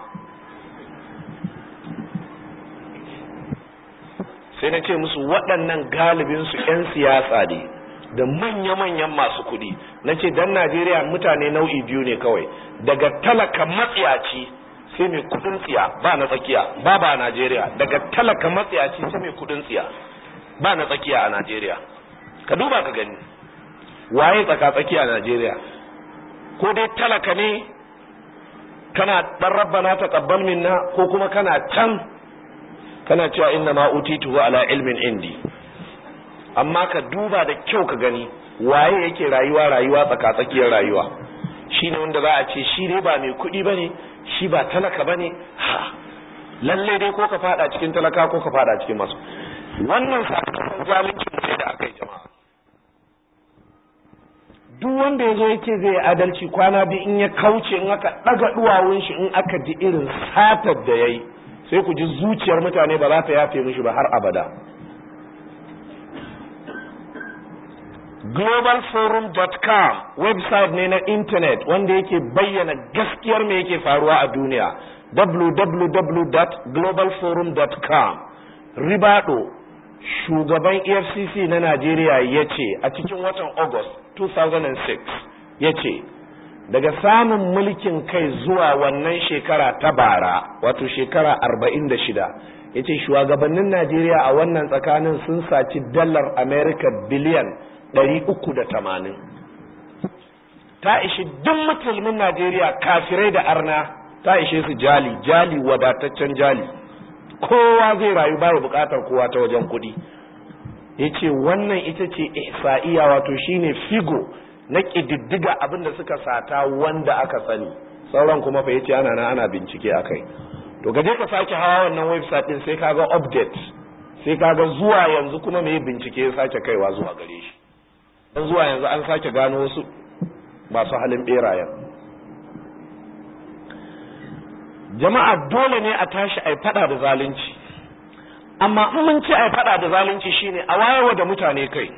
sai na ce musu waɗannan galibinsu 'yan siyasa ne da manya-manyan masu kuɗi na ce dan najeriya mutane nau'i biyu ne kawai daga talaka matsiyaci sai mai kudin tsiya ba na tsakiya ba ba a najeriya daga talaka matsiyaci sai mai kudin tsiya ba na tsakiya a najeriya ka duba ka gani waye tsaka tsakiya a najeriya ko dai talaka ne kana dan rabbana taqabbal minna ko kuma kana can kana cewa inna ma utitu ala ilmin indi amma ka duba da kyau ka gani waye yake rayuwa rayuwa tsakatsakiyar rayuwa shi ne wanda za a ce shi ne ba mai kuɗi ba ne shi ba talaka ba ne ha lalle dai ko ka fada cikin talaka ko ka fada cikin masu wannan sakamakon zalunci ne da aka yi jama'a duk wanda ya zo yake ce zai adalci kwana biyu in ya kauce in aka ɗaga duwawun shi in aka ji irin satar da ya yi sai ku ji zuciyar mutane ba za ta yafe mishi ba har abada globalforum.com website ne na intanet wanda yake bayyana gaskiyar me yake faruwa a duniya www.globalforum.com ribado shugaban efcc na najeriya ya ce a cikin watan august 2006 ya ce daga samun mulkin kai zuwa wannan shekara ta bara wato shekara 46 ya ce shugabannin najeriya a wannan tsakanin sun saci dalar america biliyan ɗari uku da tamanin ta ishe duk musulmin najeriya kafirai da arna ta ishe su jali jali wadataccen jali kowa zai rayu baya bukatar kowa ta wajen kuɗi ya ce wannan ita ce isa'iya wato shine figo na ƙididdiga abin da suka sata wanda aka sani sauran kuma fa yace ana na ana bincike akai kai to gaje ka sake hawa wannan website din sai kaga update sai ka ga zuwa yanzu kuma mai bincike ya sake kaiwa zuwa gare shi don zuwa yanzu an sake gano wasu masu halin berayen jama'a dole ne a tashi a fada da zalunci amma in mun ce a fada da zalunci shine a wayarwa da mutane kai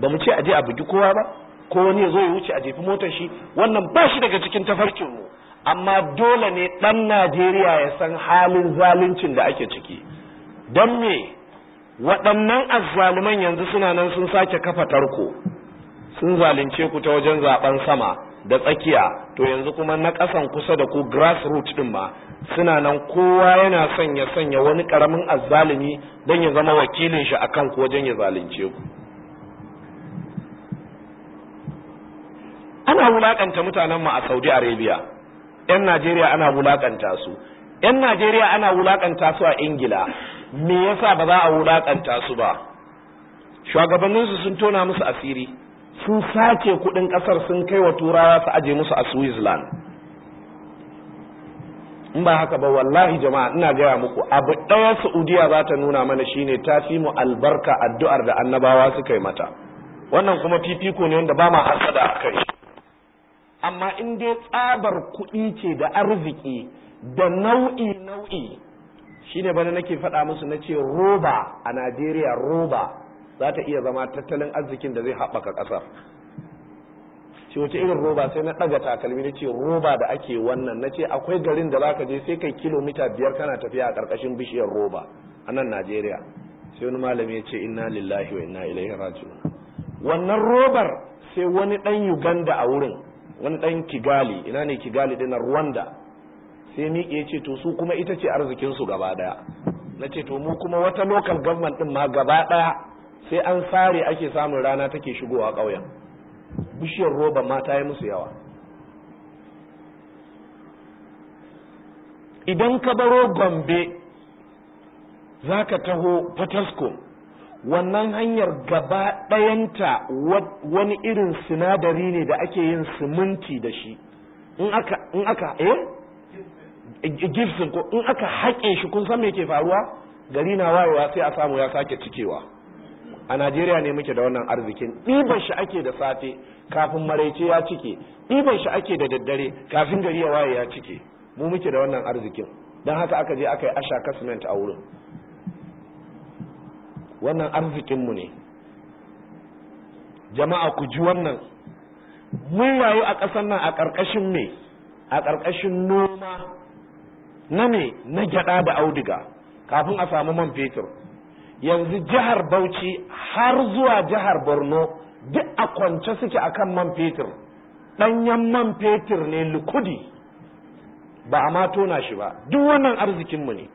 ba mu ce a je a bugi kowa ba ko wani ya zo ya wuce a jefi motar shi wannan ba shi daga cikin tafarkin mu amma dole ne dan Najeriya ya san halin zaluncin da ake ciki don me waɗannan azzaluman yanzu suna nan sun sake kafa tarko sun zalunce ku ta wajen zaben sama da tsakiya to yanzu kuma na ƙasan kusa da ku grassroots din ma suna nan kowa yana sanya sanya wani ƙaramin azzalumi don ya zama wakilin shi a ku wajen ya zalunce ku ana wulaƙanta mutanen mu a Saudi Arabia yan Najeriya ana wulaƙanta su yan Najeriya ana wulaƙanta su a Ingila me yasa ba za a wulakanta su ba shugabanninsu sun tona musu asiri sun sace kudin kasar sun kai wa turawa su aje musu a switzerland in ba haka ba wallahi jama'a ina gaya muku abu ɗaya saudiya za ta nuna mana shine ta fi mu albarka addu'ar da annabawa suka yi mata wannan kuma fifiko ne wanda ba ma hasada a kai amma in dai tsabar kuɗi ce da arziki da nau'i nau'i shine bana nake faɗa musu na ce roba a najeriya roba za ta iya zama tattalin arzikin da zai haɓaka ƙasar ce wace irin roba sai na ɗaga takalmi na ce roba da ake wannan na ce akwai garin da zaka je sai kai kilomita biyar kana tafiya a ƙarƙashin bishiyar roba a nan najeriya sai wani malami ya ce inna lillahi wa inna ilaihi raji'un wannan robar sai wani ɗan uganda a wurin wani ɗan kigali ina ne kigali ɗin rwanda sai miƙe ce to su kuma ita ce arzikinsu gaba ɗaya na ce to mu kuma wata local government ɗin ma gaba ɗaya sai an sare ake samun rana take shigowa ƙauyen bishiyar roba ma ta yi musu yawa idan ka baro gombe za ka taho patasco wannan hanyar gaba ɗayanta wani irin sinadari ne da ake yin siminti da shi in aka eh gifsin ko in aka haƙe shi kun san me ke faruwa gari na wayewa sai a samu ya sake cikewa a najeriya ne muke da wannan arzikin ɗiban shi ake da safe kafin maraice ya cike ɗiban shi ake da daddare kafin gari ya waye ya cike mu muke da wannan arzikin don haka aka je aka yi asha kasmet a wurin wannan arzikinmu ne jama'a ku ji wannan mun rayu a ƙasar nan a ƙarƙashin me a ƙarƙashin noma na me na gyada da auduga kafin a samu man fetur yanzu jihar bauchi har zuwa jihar borno duk a kwance suke a kan man fetur ɗanyen man fetur ne likudi ba a ma tona shi ba duk wannan arzikinmu ne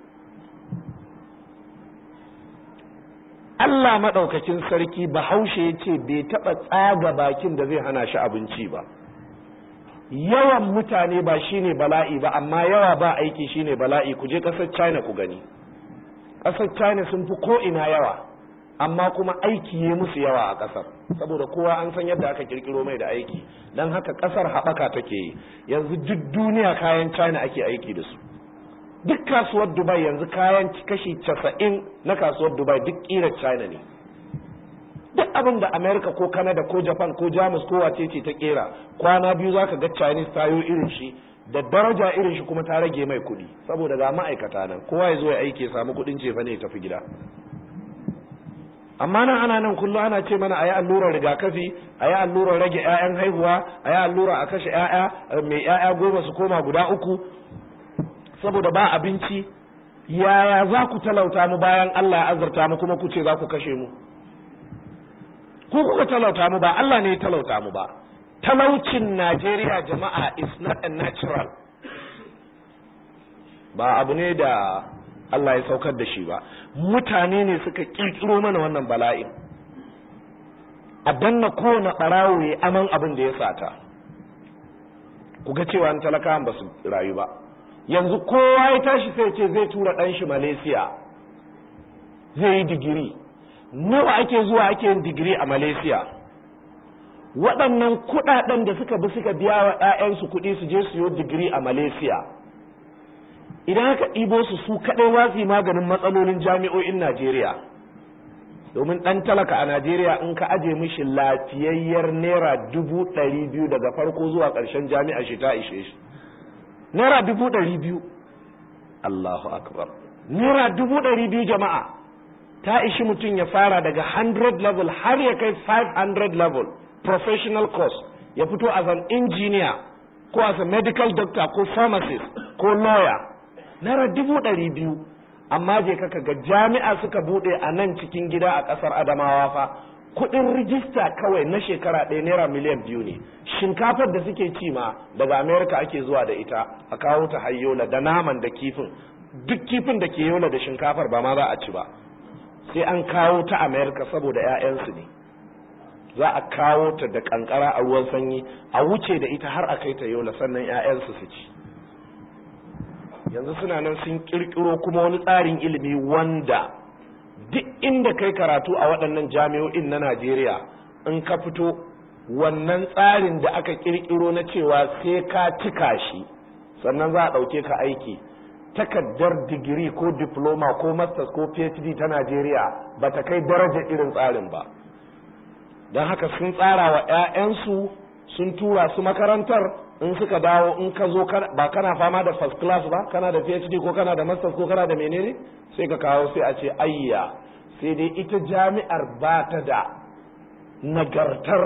Allah maɗaukakin sarki bahaushe ya ce bai taɓa tsaga bakin da zai hana shi abinci ba yawan mutane ba shine bala'i ba amma yawa ba aiki shine bala'i ku je ƙasar china ku gani ƙasar china sun fi ko'ina yawa amma kuma aiki ya musu yawa a ƙasar saboda kowa an san yadda aka kirkiro mai da aiki don haka ƙasar haɓaka take yi yanzu duk duniya kayan china ake aiki da su duk kasuwar dubai yanzu kayan kashi casa'in na kasuwar dubai duk ƙirar china ne duk abin da america ko canada ko japan ko jamus ko wace ce ta kera kwana biyu zaka ga chinese tayo irin shi da daraja irin shi kuma ta rage mai kuɗi saboda ga ma'aikata nan kowa ya zo ya aiki ya samu kuɗin jefa ne ya tafi gida amma nan ana nan kullum ana ce mana a yi allurar rigakafi a yi allurar rage 'ya'yan haihuwa a yi allurar a kashe 'ya'ya mai 'ya'ya goma su koma guda uku saboda ba abinci yaya za ku talauta mu bayan allah ya azurta mu kuma ku ce za ku kashe mu ko kuka talauta mu ba Allah ne ya talauta mu ba talaucin Najeriya jama'a is not a natural ba abu ne da Allah ya saukar da shi ba mutane ne suka kirkiro mana wannan bala'in a danna kowane ɓarawo ya aman abin da ya sata ku ga cewa talakawan ba su rayu ba yanzu kowa ya tashi sai ce zai tura ɗan shi malaysia zai yi digiri nawa ake zuwa ake yin digiri a malaysia waɗannan kuɗaɗen da suka bi suka biya wa 'ya'yansu kuɗi su je su yi digiri a malaysia idan aka ɗibo su su kaɗai za maganin matsalolin jami'o'in najeriya domin ɗan talaka a najeriya in ka aje mishi lafiyayyar naira dubu ɗari biyu daga farko zuwa ƙarshen jami'a shi ta ishe shi naira dubu ɗari biyu allahu akbar naira dubu ɗari biyu jama'a ta ishi mutum ya fara daga 100 level har ya kai 500 level professional course ya fito as an engineer ko as a medical doctor ko pharmacist ko lawyer naira dubu ɗari biyu amma je kaka ga jami'a suka buɗe a nan cikin gida a ƙasar adamawa fa kuɗin rijista kawai na shekara ɗaya naira miliyan biyu ne shinkafar da suke ci ma daga america ake zuwa da ita a kawo ta hayyola da naman da kifin duk kifin da ke yola da shinkafar ba ma za a ci ba sai an kawo ta amerika saboda 'ya'yansu ne za a kawo ta da kankara a ruwan sanyi a wuce da ita har a kai ta yola sannan 'ya'yansu su ci yanzu suna nan sun kirkiro kuma wani tsarin ilimi wanda duk inda kai karatu a waɗannan jami'o'in na najeriya in ka fito wannan tsarin da aka kirkiro na cewa sai ka cika shi sannan za a ɗauke ka aiki takaddar digiri ko diploma ko masters ko phd ta najeriya ba ta kai daraja irin tsarin ba don haka sun tsara wa 'ya'yansu sun tura su makarantar in suka dawo in ka zo ba kana fama da first class ba kana da phd ko kana da masters ko kana da menene sai ka kawo sai a ce ayya sai dai ita jami'ar ba ta da nagartar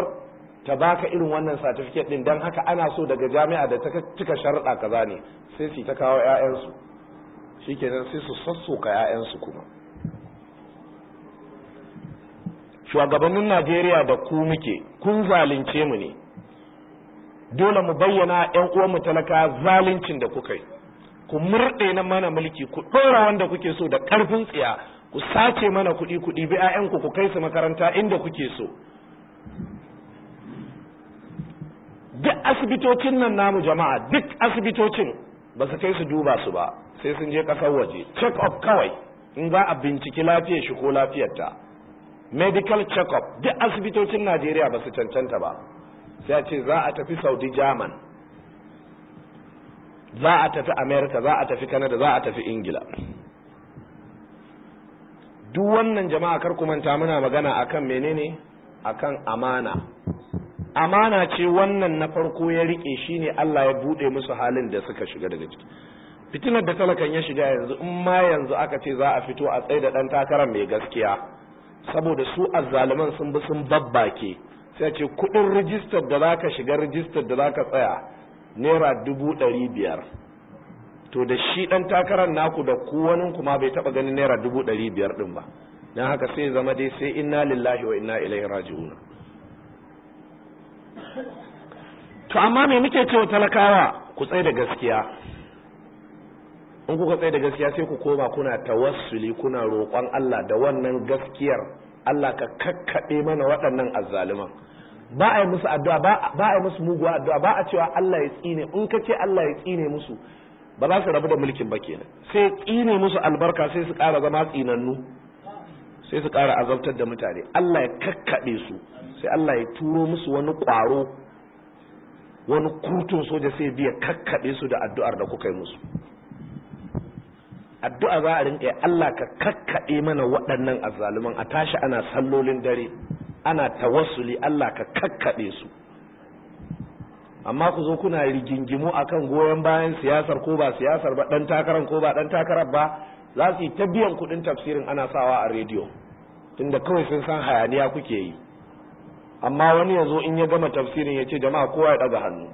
ta baka irin wannan certificate din don haka ana so daga jami'a da ta cika sharuɗa kaza ne sai su ta kawo 'ya'yansu shikenan sai su sassoka 'ya'yansu kuma shugabannin najeriya da ku muke kun zalunce mu ne dole mu bayyana 'yan uwanmu talaka zaluncin da kuka yi ku murɗe na mana mulki ku ɗora wanda kuke so da ƙarfin tsiya ku sace mana kuɗi kuɗi bi 'ya'yanku ku kai su makaranta inda kuke so duk asibitocin nan namu jama'a duk asibitocin ba su kai su duba su ba sai sun je kasar waje check up kawai in za a binciki lafiyar shi ko lafiyarta medical check up duk asibitocin najeriya ba su cancanta ba sai a ce za a tafi saudi german za a tafi america za a tafi canada za a tafi ingila duk wannan jama'a kar ku manta muna magana akan menene akan amana amana ce wannan na farko ya rike ne Allah ya bude musu halin da suka shiga daga ciki fitinar da talakan ya shiga yanzu in ma yanzu aka ce za a fito a tsaye da dan takarar mai gaskiya saboda su azzaluman sun bi sun babbake sai ce kudin rijistar da zaka shiga rijistar da zaka tsaya naira dubu ɗari biyar to da shi ɗan takarar naku da kowanin kuma bai taba ganin naira dubu ɗari biyar din ba don haka sai zama dai sai inna lillahi wa inna ilaihi raji'un to amma me muke cewa talakawa ku tsaye da gaskiya in kuka tsaye da gaskiya sai ku koma kuna tawassuli kuna roƙon Allah da wannan gaskiyar Allah ka kakkaɓe mana waɗannan azzaluman ba a yi musu addu'a ba a yi musu muguwa addu'a ba a cewa Allah ya tsine in ka ce Allah ya tsine musu ba za su rabu da mulkin ba kenan sai tsine musu albarka sai su ƙara zama tsinannu sai su ƙara azabtar da mutane Allah ya kakkaɓe su sai Allah ya turo musu wani ƙwaro wani kutun soja sai biya kakkaɓe su da addu'ar da kuka yi musu addu'a za a rinƙa Allah ka kakkaɓe mana waɗannan azzaluman a tashi ana sallolin dare ana tawassuli Allah ka kakkaɓe su amma ku zo kuna rigingimu akan goyon bayan siyasar ko ba siyasar ba ɗan takarar ko ba ɗan takarar ba za su yi ta biyan kuɗin tafsirin ana sawa a rediyo tunda kawai sun san hayaniya kuke yi amma wani yanzu in ya gama tafsirin ya ce jama'a kowa ya daga hannu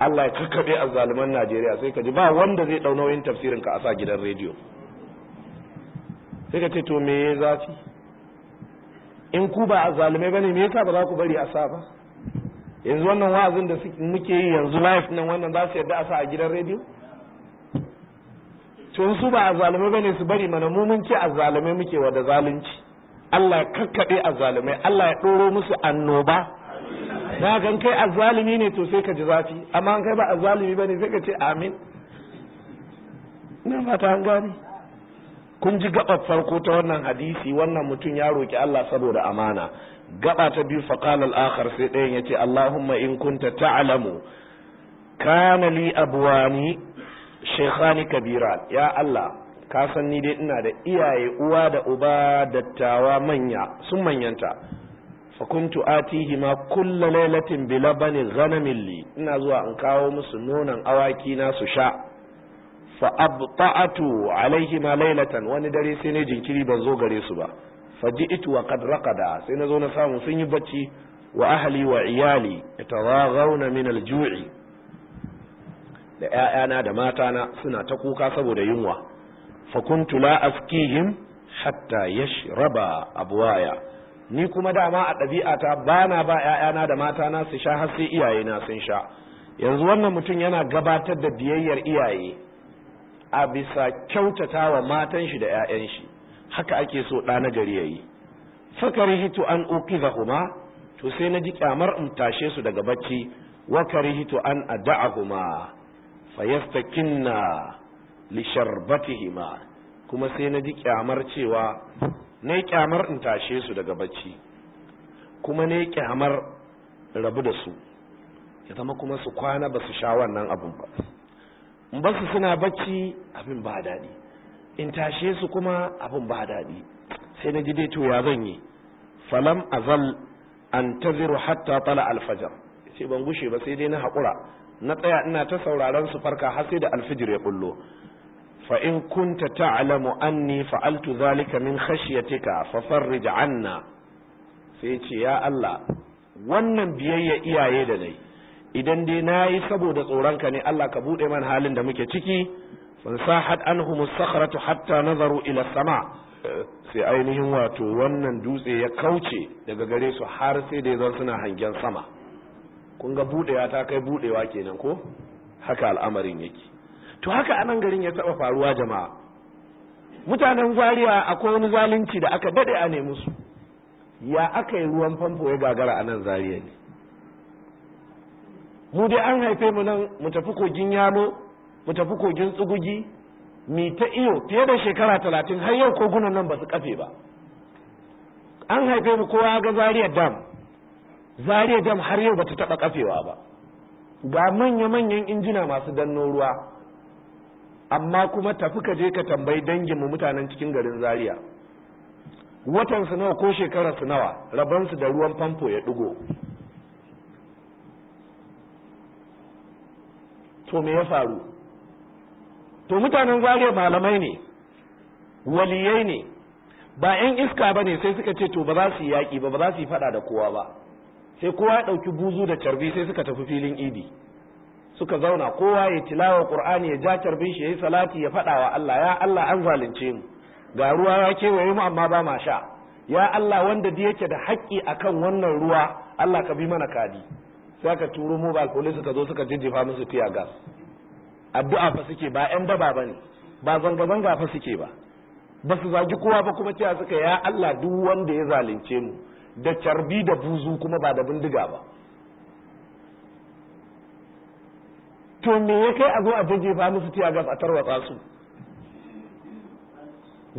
Allah ya kakkaɓe a zaluman Najeriya sai ka ji ba wanda zai ɗau nauyin tafsirin ka a sa gidan rediyo sai ka ce to me ya zafi in ku ba a zalumai bane me yasa ba za ku bari a sa ba yanzu wannan wa'azin da muke yi yanzu live nan wannan za su yadda a sa a gidan rediyo to su ba a zalume bane su bari mana mu mun ce a zalume muke wa da zalunci Allah ya kakkaɓe zalimai Allah ya ɗoro musu annoba na gan kai a zalimi ne to sai ka ji zafi amma an kai ba zalimi ba ne sai ka ce amin na fata an gane kun ji gaɓar farko ta wannan hadisi wannan mutum ya roki Allah saboda amana gaba ta biyu al akhar sai ɗayan ya ce Allahumma in kunta ta'lamu kana li abwani shaykhani kabira ya Allah ka san ni dai ina da iyaye uwa da uba dattawa manya sun manyanta fakuntu atihi ma kulla lailatin bi labani ghanamin li ina zuwa an kawo musu nonon awaki na su sha fa abta'atu alaihi ma lailatan wani dare sai ne jinkiri ban zo gare su ba ji'tu wa qad raqada sai na zo na samu sun yi bacci wa ahli wa iyali yataraghawna min al-ju'i da 'ya'yana da matana suna ta kuka saboda yunwa fakuntu la afkihim hatta yashraba abwaya ni kuma dama a ɗabi'ata ba na ba ‘ya'yana da matana su sha har sai iyaye na sun sha yanzu wannan mutum yana gabatar da biyayyar iyaye a bisa kyautata wa matan shi da ‘ya'yan shi haka ake so ɗa na gari yayi fakari hito an uqidahuma to sai na ji kyamar in tashe su daga bacci wa karihtu an ad'ahuma fayastakinna lisharbatihima kuma sai na ji kyamar cewa nai kyamar in tashe su daga bacci kuma ne kyamar rabu da su ya zama kuma su kwana ba su sha wannan abun ba in ba suna bacci abin ba daɗi in tashe su kuma abin ba daɗi sai na ji dai to ya zan yi falam azal antaziru hatta tala alfajar sai ban gushe ba sai dai na hakura na tsaya ina ta sauraron su farka har sai da alfijir ya kullo. fa in kunta ta'lamu anni fa'altu zalika min khashyatika fa farrij anna sai ce ya Allah wannan biyayya iyaye da nayi idan dai nayi saboda tsoronka ne Allah ka buɗe man halin da muke ciki fansahat anhum as-sakhratu hatta nazaru ila sama sai ainihin wato wannan dutse ya kauce daga gare su har sai da zan suna hangen sama kun ga buɗewa ta kai buɗewa kenan ko haka al'amarin yake to haka anan garin ya saba faruwa jama'a mutanen Zariya akwai wani zalunci da aka dade a nemi su ya aka yi ruwan famfo ya gagara anan nan Zariya ne mu dai an haife mu nan mu tafi kogin yamo mu tafi kogin tsugugi mi ta iyo fiye da shekara talatin har yau kogunan nan ba su kafe ba an haife mu kowa ga Zariya dam Zariya dam har yau ba ta taba kafewa ba ga manya-manyan injina masu danno ruwa amma kuma tafi ka je ka tambayi dangin mu mutanen cikin garin zaria watan su nawa ko shekarar su nawa raban su da ruwan famfo ya dugo to me ya faru to mutanen zaria malamai ne waliyai ne ba 'yan iska ba ne sai suka ce to ba za su yi yaƙi ba ba za su yi faɗa da kowa ba sai kowa ya ɗauki buzu da carbi sai suka tafi filin idi suka zauna kowa ya tilawa qur'ani ya ja tarbin shi yayi salati ya faɗa wa Allah ya Allah an zalunce mu ga ruwa ya kewaye mu amma ba ma sha ya Allah wanda da yake da haƙƙi akan wannan ruwa Allah ka bi mana kadi sai ka turo mobile police suka zo suka jijjifa musu tiya gas addu'a fa suke ba yan daba bane ba zanga zanga fa suke ba ba su zagi kowa ba kuma cewa suka ya Allah duk wanda ya zalunce mu da carbi da buzu kuma ba da bindiga ba to me ya kai a zo a jajjefa musu tiya gas a tarwatsa su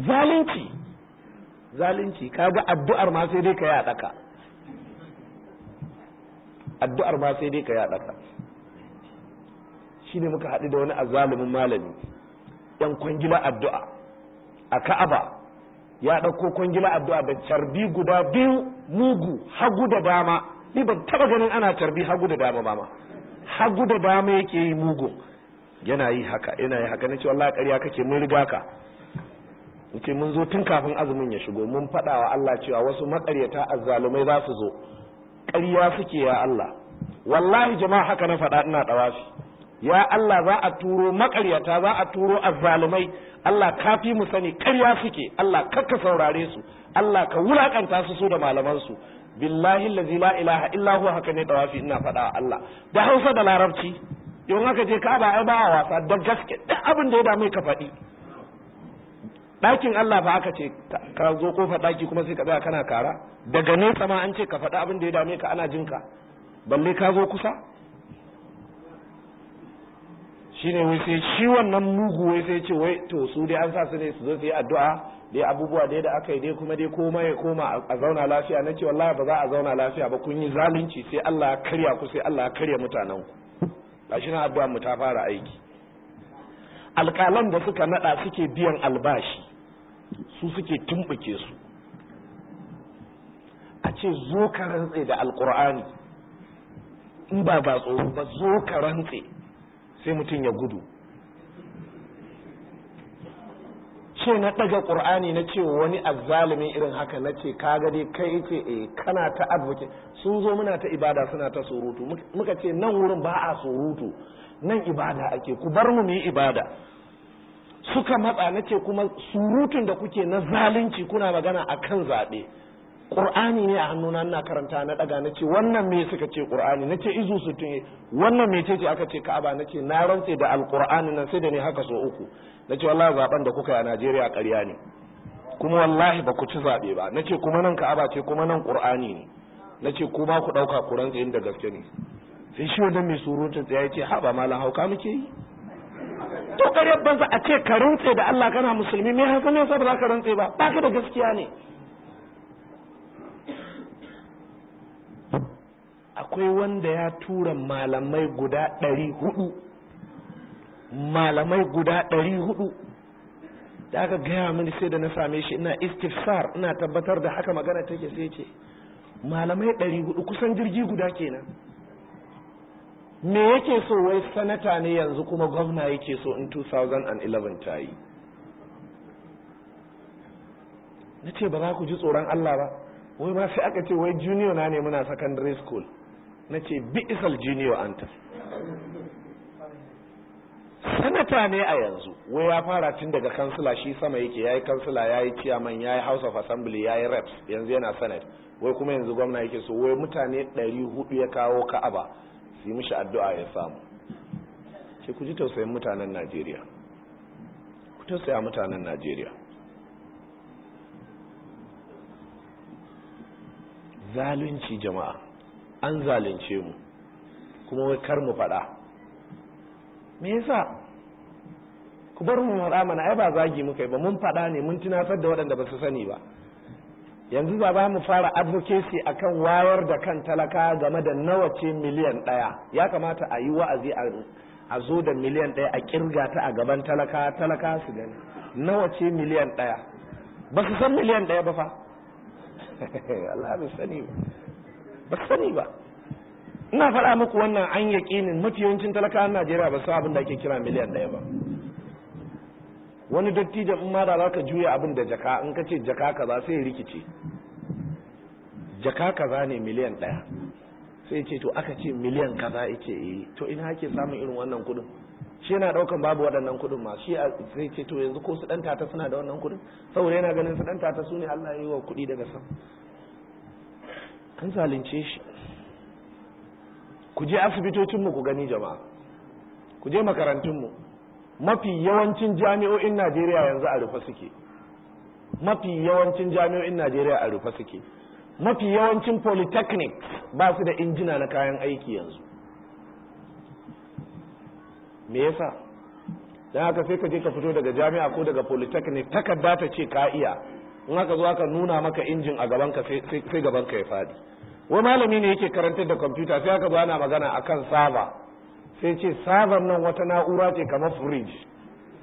zalunci zalunci ga addu'ar ma sai dai ka ya daka addu'ar ma sai dai ka ya daka shine muka haɗu da wani azzalumin malami yan kwangila addu'a a Ka'aba ya ɗauko kwangila addu'a da carbi guda biyu mugu hagu da dama ni ban taba ganin ana carbi hagu da dama ba ma hagu da dama yake yi mugun yana yi haka yana yi haka na ce Allah ƙarya kake mun riga ka nace mun zo tun kafin azumin ya shigo mun faɗa wa Allah cewa wasu maƙaryata azzalumai za su zo ƙarya suke ya Allah wallahi jama'a haka na faɗa ina ɗawafi ya Allah za a turo maƙaryata za a turo azzalumai Allah ka fi mu sani ƙarya suke Allah kakka saurare su Allah ka wulakanta su su da malaman su billahi allazi la ilaha illa huwa haka ne tawafi ina faɗa Allah da Hausa da Larabci yau haka je ka ba ai ba wasa da gaske duk abin da ya dame ka faɗi ɗakin Allah ba aka ce ka zo kofa ɗaki kuma sai ka tsaya kana kara daga nesa ma an ce ka faɗi abin da ya dame ka ana jin ka balle ka zo kusa shine wai sai shi wannan mugu wai sai ce wai to su dai an sa su ne su zo su yi addu'a dai abubuwa dai da aka yi dai kuma dai koma ya koma a zauna lafiya na ce wallahi ba za a zauna lafiya ba kun yi zalunci sai Allah ya karya ku sai Allah ya karya mutanen ku gashi na abuwa mu ta fara aiki alƙalan da suka nada suke biyan albashi su suke tumbuke su a ce zo ka rantse da alƙur'ani in ba ba tsoro ba zo ka rantse sai mutum ya gudu ce na ɗaga ƙur'ani na ce wani azzalumi irin haka na ce ka gade kai ce e kana ta advocate sun zo muna ta ibada suna ta surutu muka ce nan wurin ba a surutu nan ibada ake ku bar mu mu yi ibada suka matsa na ce kuma surutun da kuke na zalunci kuna magana a kan zaɓe ƙur'ani ne a hannuna na karanta na ɗaga na ce wannan me suka ce ƙur'ani na ce izu wannan me ce aka ce ka'aba na ce na rantse da alƙur'ani nan sai da ne haka so uku na ce wallahi zaben da kuka yi a najeriya karya ne kuma wallahi ba ku ci zaɓe ba na ce kuma nan ka'aba ce kuma nan ƙur'ani ne na ce kuma ku ɗauka ku rantsa inda gaske ne sai shi wannan mai surutun ya ce ha ba malan hauka muke yi to ƙaryar banza a ce ka rantse da Allah kana musulmi me haka ne yasa ba za ka rantse ba ba ka da gaskiya ne akwai wanda ya tura malamai guda ɗari hudu malamai guda ɗari hudu da aka gaya mini sai da na same shi ina istifsar ina tabbatar da haka magana take sai ce malamai ɗari hudu kusan jirgi guda kenan me yake so wai sanata ne yanzu kuma gwamna yake so in 2011 ta yi na ce ba za ku ji tsoron Allah ba wai ma sai aka ce wai junior na ne muna sakandare school na ce bi isal junior anta sanata ne a yanzu wai ya fara tun daga kansila shi sama yake yayi kansila yayi chairman yayi house of assembly yayi reps yanzu yana senate wai kuma yanzu gwamna yake so wai mutane 400 ya kawo ka'aba su yi mishi addu'a ya samu ce ku ji tausayin mutanen Najeriya ku tausaya mutanen Najeriya zalunci jama'a an zalunce mu kuma wai kar mu faɗa me yasa ku bar mu faɗa mana ai ba zagi muka yi ba mun faɗa ne mun tunatar da waɗanda ba su sani ba yanzu za mu fara advocacy akan wayar da kan talaka game da nawa ce miliyan ɗaya ya kamata a yi wa'azi a zo da miliyan ɗaya a kirga ta a gaban talaka talaka su gani nawa ce miliyan ɗaya ba su san miliyan ɗaya ba fa [laughs] Allah ba sani ba ba sani ba ina faɗa muku wannan an yaƙinin mafi yawancin na Najeriya ba su abin da ake kira miliyan ɗaya ba wani dattijan in ma da za ka juya abin da jaka in ka ce jaka kaza sai rikice jaka kaza ne miliyan ɗaya sai ce to aka ce miliyan kaza yake yi to ina hake samun irin wannan kudin shi yana daukan babu waɗannan kudin ma shi sai ce to yanzu ko su ɗan tata suna da wannan kudin saboda yana ganin su ɗan tata su ne Allah ya yi wa kudi daga sam an zalunce shi ku je asibitocinmu ku gani jama'a ku je makarantunmu. mu mafi yawancin jami'o'in Najeriya yanzu a rufe suke mafi yawancin jami'o'in Najeriya a rufe suke mafi yawancin polytechnic ba su da injina na kayan aiki yanzu me yasa don haka sai ka je ka fito daga jami'a ko daga polytechnic takarda ta ce ka iya in aka zo ka nuna maka injin a gabanka sai gabanka ya fadi wai malami ne yake karantar da kwamfuta sai aka zo ana magana akan saba sai ce sabar nan wata na'ura ce kamar furij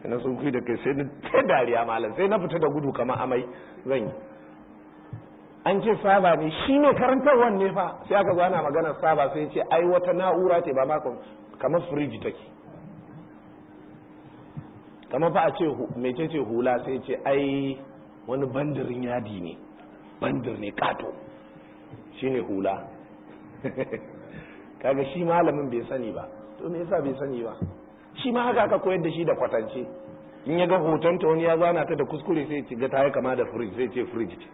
na sun da kai sai na ta dariya malam sai na fita da gudu kamar amai zan yi an ce saba ne shi ne karantarwan ne fa sai aka zana ana magana saba sai ce ai wata na'ura ce ba makon kamar ta take kamar fa a ce mece ce hula sai ce ai wani bandirin yadi ne bandir ne kato shi ne hula [laughs] kaga shi malamin bai sani ba so me yasa bai sani ba shi ma haka aka koyar da shi da kwatance in ya ga hoton ta wani ya zana ta da kuskure sai ce ga ta yi kama da fridge sai ce fridge ce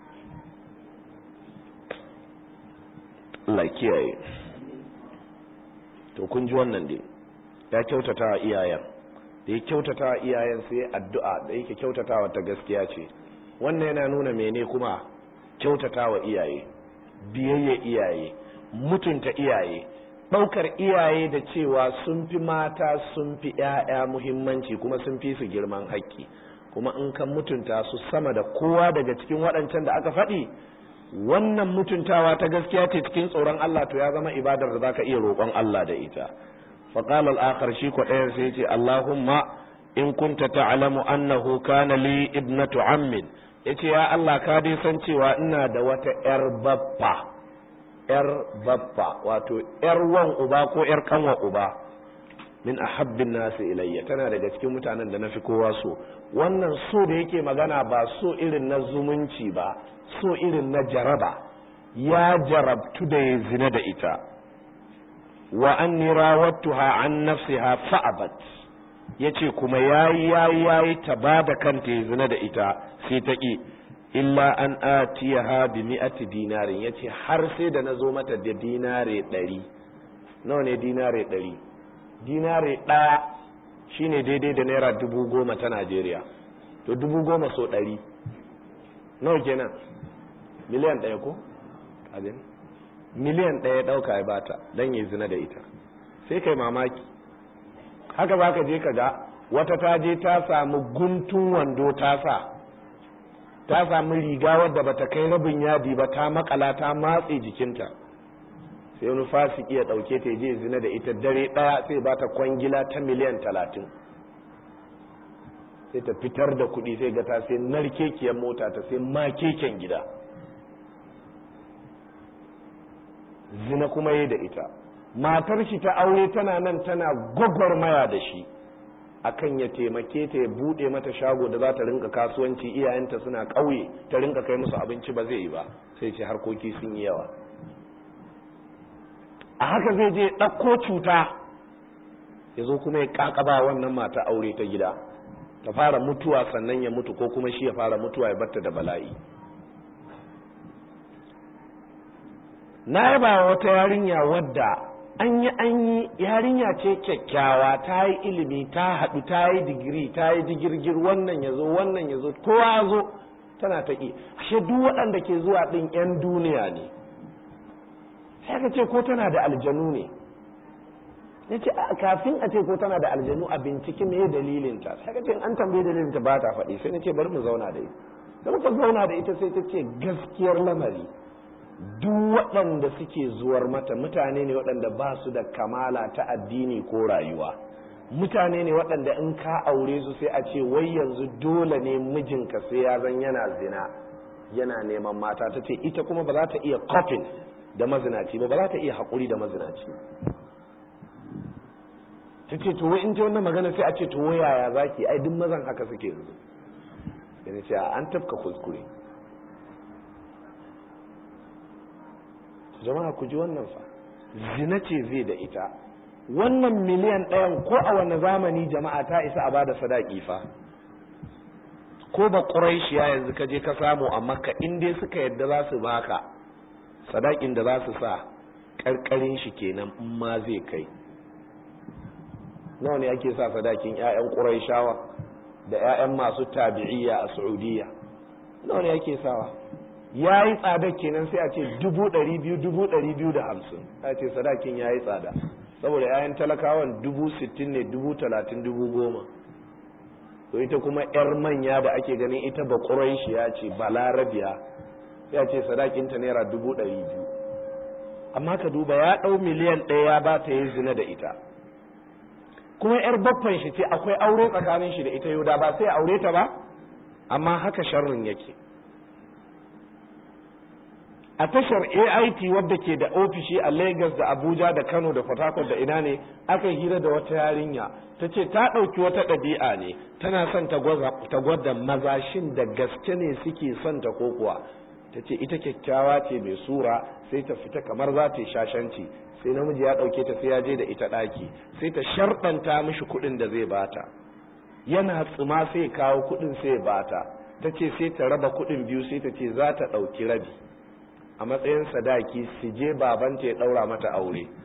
Allah kiyaye to kun ji wannan dai ya kyautata wa iyayen da ya kyautata wa iyayen sai addu'a da yake kyautatawa ta gaskiya ce wannan yana nuna mene kuma kyautata wa iyaye biyayya iyaye mutunta iyaye ɗaukar iyaye da cewa sun fi mata sun fi 'ya'ya muhimmanci kuma sun fi su girman haƙƙi kuma in kan mutunta su sama da kowa daga cikin waɗancan da aka faɗi wannan mutuntawa ta gaskiya ce cikin tsoron Allah to ya zama ibadar da zaka iya roƙon Allah da ita fa a al-akhar shi ko ɗayan sai ce, Allahumma in kunta ta'lamu annahu kana li ibnatu Ya ce ya Allah ka dai san cewa ina da wata yar babba yar baffa wato yar wan uba ko yar kanwa uba min ahabbin nasu ilayya tana daga cikin mutanen da na fi kowa so wannan so da yake magana ba so irin na zumunci ba so irin na jaraba ya jarabtu da ya zina da ita wa anni rawattuha an nafsiha fa'abat yace kuma yayi yayi ta bada kanta ya zina da ita sai ta ke. illa an ha bi mi'ati dinarin yace har sai da na zo mata da dinare ɗari. nawa ne dinare ɗari? dinare ɗaya shine daidai da naira dubu goma ta Najeriya to dubu goma so ɗari nawa kenan miliyan ɗaya ko abin miliyan ɗaya ɗauka ya bata don yi zina da ita sai kai mamaki haka ba ka je ka ga wata ta je ta samu guntun wando ta sa ta samu riga wadda bata kai rabin yadi ba ta makala ta matse jikinta sai wani fasiki ya ɗauke ta je zina da ita dare daya sai bata kwangila ta miliyan talatin sai ta fitar da kuɗi sai ga ta sai narkekiyar mota ta sai makeken gida zina kuma yi da ita matar shi ta aure tana nan tana gwagwarmaya da shi akan ya taimake ta ya bude mata shago da za ta rinka kasuwanci iyayenta suna ƙauye ta rinka kai musu abinci ba zai yi ba sai ce harkoki sun yi yawa a haka zai je ɗauko cuta ya zo kuma ya ƙaƙaba wannan mata aure ta gida ta fara mutuwa sannan ya mutu ko kuma shi ya fara mutuwa ya batta da bala'i na yaba wata yarinya wadda an yi an yi yarinya ce kyakkyawa ta yi ilimi ta haɗu ta yi digiri ta yi digirgir wannan ya zo wannan ya zo kowa zo tana ta ƙi ashe duk waɗanda ke zuwa ɗin 'yan duniya ne sai ka ce ko tana da aljanu ne ya ce kafin a ce ko tana da aljanu a binciki me dalilinta sai ka ce an tambaye dalilinta ba ta faɗi sai na ce bari mu zauna da ita da muka zauna da ita sai ta ce gaskiyar lamari duk waɗanda suke zuwar mata mutane ne waɗanda ba su da kamala ta addini ko rayuwa mutane ne waɗanda in ka aure su sai a ce wai yanzu dole ne mijinka sai ya zan yana zina yana neman mata ta ce ita kuma ba za ta iya kofin da mazinaci ba ba za ta iya haƙuri da mazinaci ta ce to wai in ta wannan magana sai a ce to yaya zaki ai duk mazan haka suke yanzu yana ce an tafka kuskure jama'a ku ji wannan fa zina ce zai da ita wannan miliyan ɗayan ko a wani zamani jama'a ta isa a bada sadaki fa ko ba ya yanzu ka je ka samu a makka in dai suka yadda za su baka sadakin da za su sa ƙarƙarin shi kenan in ma zai kai nawa ne ake sa sadakin ƴaƴan ƙuraishawa da ƴaƴan masu tabi'iyya a saudiya nawa ne ake sawa ya yi tsada kenan sai a ce dubu ɗari biyu dubu ɗari biyu da hamsin a ce sadakin ya yi tsada saboda yayan talakawan dubu sittin ne dubu talatin dubu goma to ita kuma yar manya ba ake ganin ita ba shi ya ce balarabiya ya ce sadakinta naira dubu ɗari biyu amma ka duba ya ɗau miliyan ɗaya ya ba ta yi zina da ita kuma yar baffan shi ce akwai aure tsakanin shi da ita yau da ba sai aure ta ba amma haka sharrin yake a tashar AIT wadda ke da ofishi a Lagos da Abuja da Kano da Port da ina ne aka hira da wata yarinya ta ce ta ɗauki wata ɗabi'a ne tana son ta gwada maza shin da gaske ne suke son ta ko kuwa ta ce ita kyakkyawa ce mai sura sai ta fita kamar za ta yi shashanci sai namiji ya ɗauke ta sai ya je da ita ɗaki sai ta sharɗanta mishi kuɗin da zai bata yana tsuma sai kawo kuɗin sai ya bata ta ce sai ta raba kuɗin biyu sai ta ce za ta ɗauki rabi a matsayin sadaki su je babanta ya ɗaura mata aure